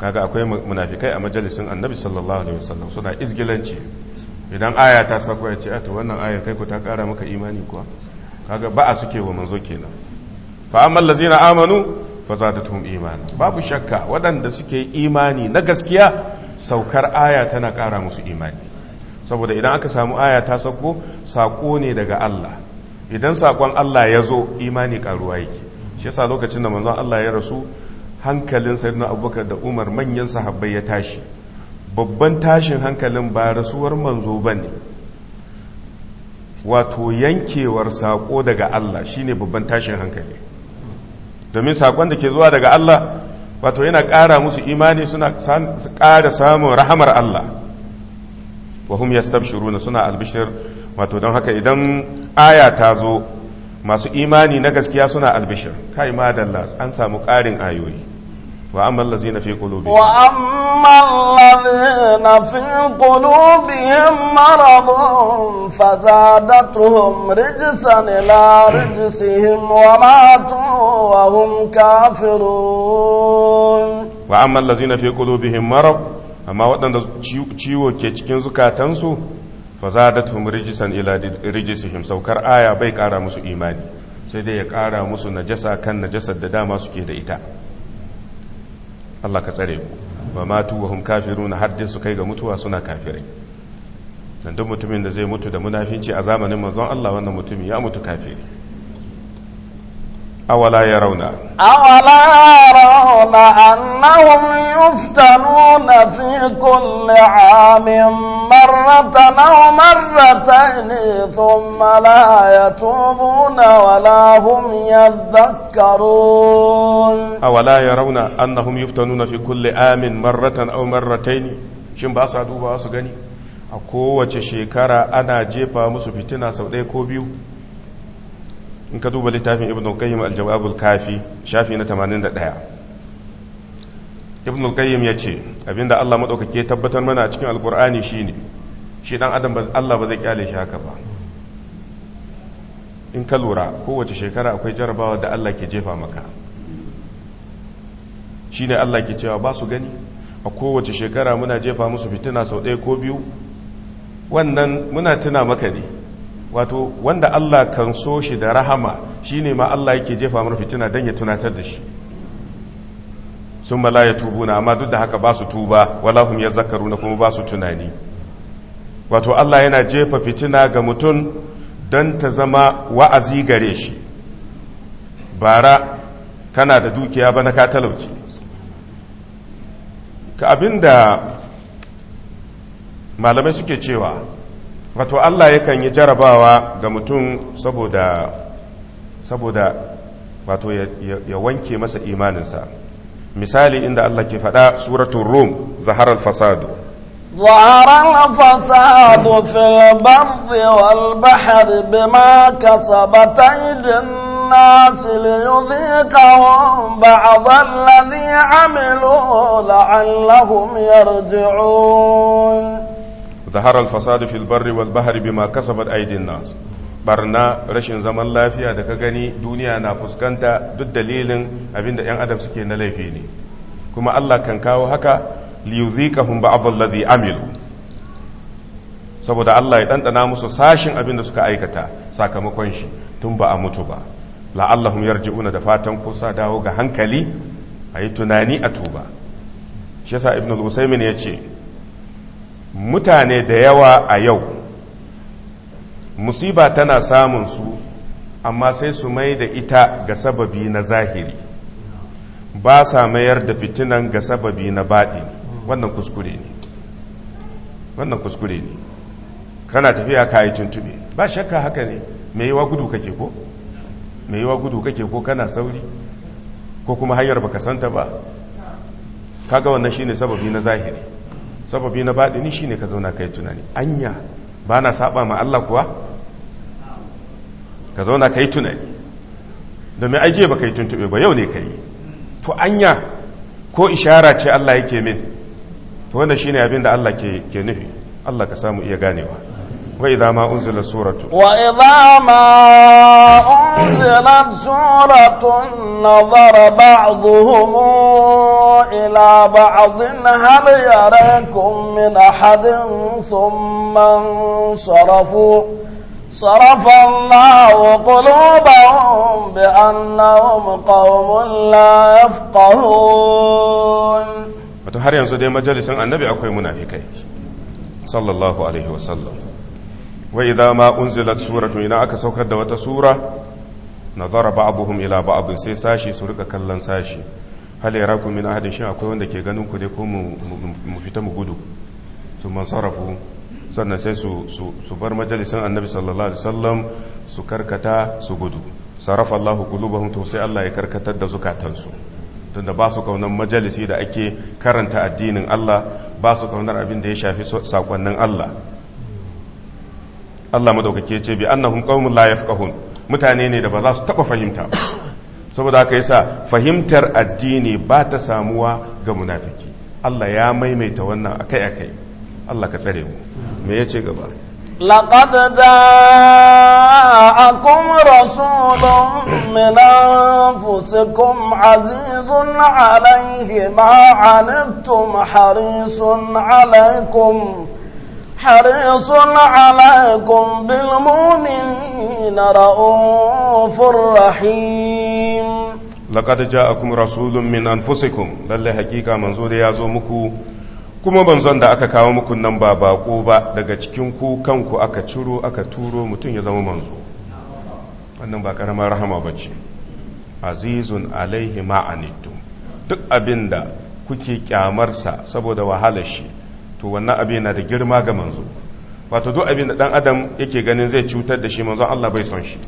kaga akwai munafikai a majalisin annabi sallallahu alaihi wasallam suna izgilanci idan aya ta sako ya ce eh, to wannan aya kai ku ta kara maka imani kuwa kaga ba'a suke wa manzo kenan fa amma allazina amanu fazadatuhum zadatuhum babu shakka waɗanda suke imani na gaskiya saukar aya tana kara musu imani saboda idan aka samu aya ta sako sako ne daga Allah idan sakon Allah ya zo imani karuwa yake shi yasa lokacin da manzon Allah ya rasu hankalin sayyidina Abubakar da Umar manyan sahabbai ya tashi babban tashin hankalin ba rasuwar manzo bane wato yankewar sako daga Allah shine babban tashin hankali domin saƙon da ke zuwa daga Allah wato yana ƙara musu imani suna ƙara samun rahamar Allah wa hum yastabshiruna suna albishir wato don haka idan aya ta zo masu imani na gaskiya suna albishir kai madalla an samu ƙarin ayoyi وأما الذين في قلوبهم وأما الذين في قلوبهم مرض فزادتهم رجسا إلى رجسهم وماتوا وهم كافرون وأما الذين في قلوبهم مرض أما ودن ciwo ke cikin zukatansu fazadathum rijsan ila rijsihim saukar aya bai kara musu imani sai dai ya kara musu najasa kan najasar da dama suke da ita Allah ka tsare ku ba ma wa kafiru na har su kai ga mutuwa suna kafirai dan mutumin da zai mutu da munafinci a zamanin manzon Allah wannan mutumin ya mutu kafiri أولا يرون أولا يرون أنهم يفتنون في كل عام مرة أو مرتين ثم لا يتوبون ولا هم يذكرون أولا يرون أنهم يفتنون في كل عام مرة أو مرتين شن باسا دوبا سغني أكو وچه شكرا أنا جيفا مسو فتنا سوداء كوبيو in ka duba littafin ibn al-qayyim al-jawab al-kafi shafi na 81 ibn al-qayyim yace abinda Allah madaukake tabbatar mana a cikin qurani shine shi dan adam Allah ba zai kyale shi haka ba in ka lura kowace shekara akwai jarabawa da Allah ke jefa maka shine Allah ke cewa ba su gani a kowace shekara muna jefa musu fitina sau ɗaya ko biyu wannan muna tuna maka ne wato wanda Allah kan so shi da rahama ne ma Allah yake jefa mara fitina dan ya tunatar da shi sun mala ya na amma duk da haka ba su tuba wala zakaru na kuma ba su tunani wato Allah yana jefa fitina ga mutum don ta zama wa'azi gare shi bara kana da dukiya ba na ka talauci ka abinda malamai suke cewa wato Allah yakan yi jarabawa ga mutum saboda saboda wato ya wanke masa imaninsa misali inda Allah ke faɗa suratul rum Zahra fasadu ظهر الفساد في البر والبحر بما كسبت أيدي الناس ليذيقهم بعض الذي عملوا لعلهم يرجعون zahara al-fasadu fil bahar bima kasa aydin nas barna rashin zaman lafiya da ka gani duniya na fuskanta duk dalilin abinda yan adam suke na laifi ne kuma Allah kan kawo haka liyuzikahum ba'd alladhi amilu saboda Allah ya ɗanɗana musu sashin abin da suka aikata sakamakon shi tun ba a mutu ba la'allahum yarji'una da fatan ko sa dawo ga hankali a yi tunani a tuba shi yasa ibn al-usaymin ya ce mutane da yawa a yau musiba tana samun su amma sai su mai da ita ga sababi na zahiri ba sa mayar da fitinan ga sababi na baɗi wannan kuskure ne wannan kuskure ne kana tafiya ka yi tuntube ba shakka haka ne mai yiwa gudu kake ko mai yiwa gudu kake ko kana sauri ko kuma hanyar baka santa ba kaga wannan shine sababi na zahiri sababi na baɗi ni shine ka zauna ka yi tunani anya ba na saba ma Allah kuwa ka zauna ka yi tunani domin ajiye ba ka yi tuntube ba yau ne ka yi. to anya ko ishara ce Allah yake min to wanda shine abin da Allah ke nufi Allah ka samu iya ganewa wa idza ma unzila suratu wa idza ma unzilat suratun nazara ba'dhum إلى بعض هل يراكم من أحد ثم انصرفوا صرف الله قلوبهم بأنهم قوم لا يفقهون wato har yanzu dai majalisin annabi akwai munafikai sallallahu alaihi wasallam wa idza ma unzilat suratun ina aka saukar da wata sura nazara ba'dhum ila ba'd sai sashi su rika kallon sashi hal yarakum min ahadin shi akwai wanda ke ganin ku ne ko mu fita mu gudu su man sarrafu sannan sai su bar majalisan annabi sallallahu alaihi wasallam su karkata su gudu sarrafa Allahu qulubahum to sai Allah ya karkatar da zukatansu tunda ba su kaunar majalisi da ake karanta addinin Allah ba su kaunar abin da ya shafi sakonnin Allah Allah madaukake ce bi annahum qaumun la yafqahun mutane ne da ba za su taba fahimta ba saboda haka yasa fahimtar addini ba ta samuwa ga munafiki Allah ya maimaita wannan akai-akai Allah ka tsare mu me yace gaba laqad ja'akum rasulun min anfusikum azizun alayhi ma عنتم harisun alaykum. حريص عليكم بالمؤمنين رؤوف رحيم لقد جاءكم رسول من أنفسكم لله حقيقة منزول يا زومكو kuma banzon da aka kawo muku nan ba baku ba daga cikin ku kanku aka ciro aka turo mutum ya zama manzo wannan ba karamar rahama ba ce azizun alaihi ma'anittum duk abin da kuke kyamarsa saboda wahalar shi to wannan abin yana da girma ga manzo wato duk abin da dan adam yake ganin zai cutar da shi manzo. Allah bai son shi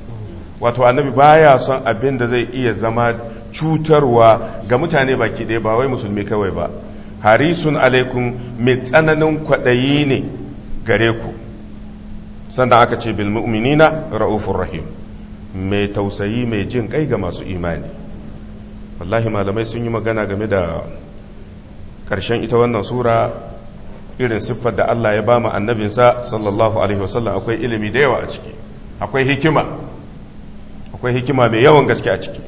wato annabi baya son abin da zai iya zama cutarwa ga mutane baki ɗaya ba wai musulmi kawai ba harisun alaikum mai tsananin kwaɗayi ne gare ku sannan aka ce bil mu'minina ra'ufur rahim mai tausayi mai jin kai ga masu imani wallahi malamai sun yi magana game da ƙarshen ita wannan sura irin siffar da Allah ya ba mu annabinsa sallallahu alaihi wasallam akwai ilimi da yawa a ciki akwai hikima akwai hikima mai yawan gaske a ciki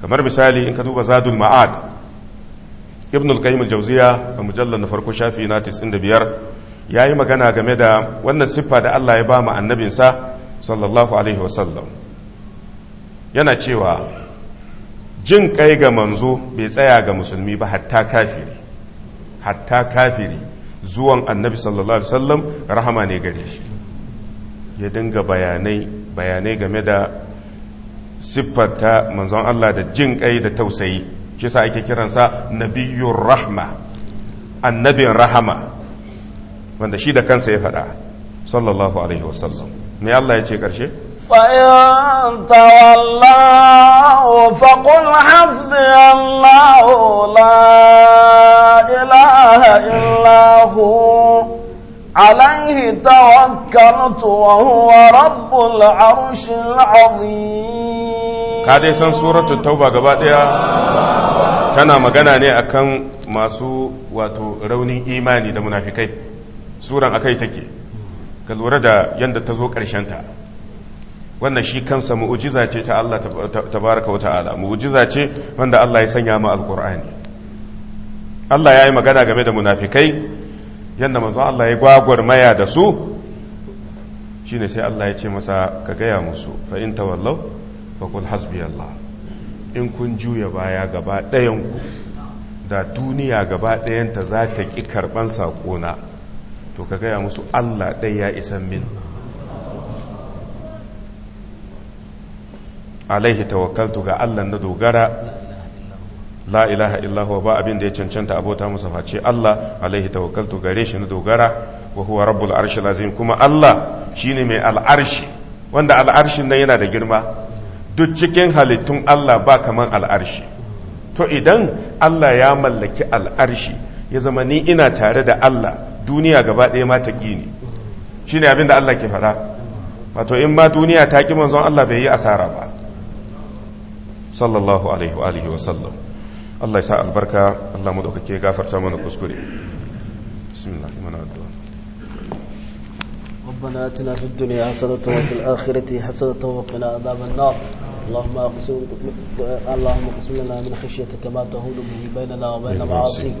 kamar misali in ka duba zadul ma'ad ibn al-qayyim al-jawziya a mujallar na farko shafi na 95 yayi magana game da wannan siffa da Allah ya ba mu annabinsa sallallahu alaihi wasallam yana cewa jin kai ga manzo bai tsaya ga musulmi ba hatta kafiri hatta kafiri zuwan annabi sallallahu alaihi wasallam rahama ne gare shi ya dinga bayanai bayanai game da siffata manzon Allah da jin kai da tausayi shi sa ake kiransa nabiyyur rahma annabin rahama wanda shi da kansa ya faɗa sallallahu alaihi wasallam me Allah ya ce karshe فإن تولوا فقل حسبي الله لا إله إلا الله عليه rabbul وهو رب ka dai san سن سورة التوبة قبادية تنا مغانا ني masu wato raunin imani da munafikai suran akai take ka lura da yadda ta zo ta wannan shi kansa mu'ujiza ce ta Allah tabaraka wa ta'ala mu'ujiza ce wanda Allah ya sanya mu alqur'ani Allah ya yi magana game da munafikai yadda manzon Allah ya maya da su shine sai Allah ya ce masa ka gaya musu fa in tawallaw fa hasbi Allah in kun juya baya gaba ɗayan ku da duniya gaba ɗayanta za ta ki karɓan sakona to ka gaya musu Allah ɗaya ya isan min alaihi tawakkaltu ga Allah na dogara la ilaha illahu ba abin da ya cancanta abota musu face Allah alaihi tawakkaltu gare shi na dogara wa huwa rabbul arshi azim kuma Allah shine mai al'arshi wanda al'arshin nan yana da girma duk cikin halittun Allah ba kaman al'arshi to idan Allah ya mallaki al'arshi ya zama ni ina tare da Allah duniya gaba ɗaya ma ta ne shine abin da Allah ke faɗa wato in ma duniya ta ki manzon Allah bai yi asara ba sallallahu alaihi wa alihi wa sallam الله يسعى البركة الله مدوك كي daukake تامان mana بسم الله الرحمن الرحيم ربنا اتنا في الدنيا حسنة وفي الآخرة حسنة وقنا عذاب النار اللهم اقسم اللهم اقسم لنا من خشيتك ما تهون به بيننا وبين معاصيك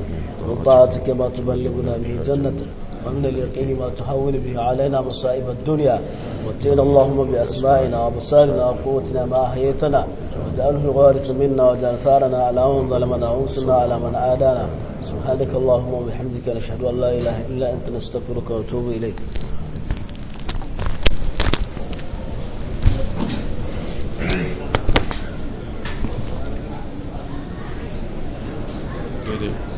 وطاعتك ما تبلغنا به جنتك ومن اليقين ما تهون به علينا مصائب الدنيا واتينا اللهم بأسمائنا وبصارنا وقوتنا ما أحييتنا واجعله الوارث منا واجعل ثارنا على من ظلمنا وانصرنا على من عادانا سبحانك اللهم وبحمدك نشهد أن لا إله إلا أنت نستغفرك ونتوب إليك Thank you.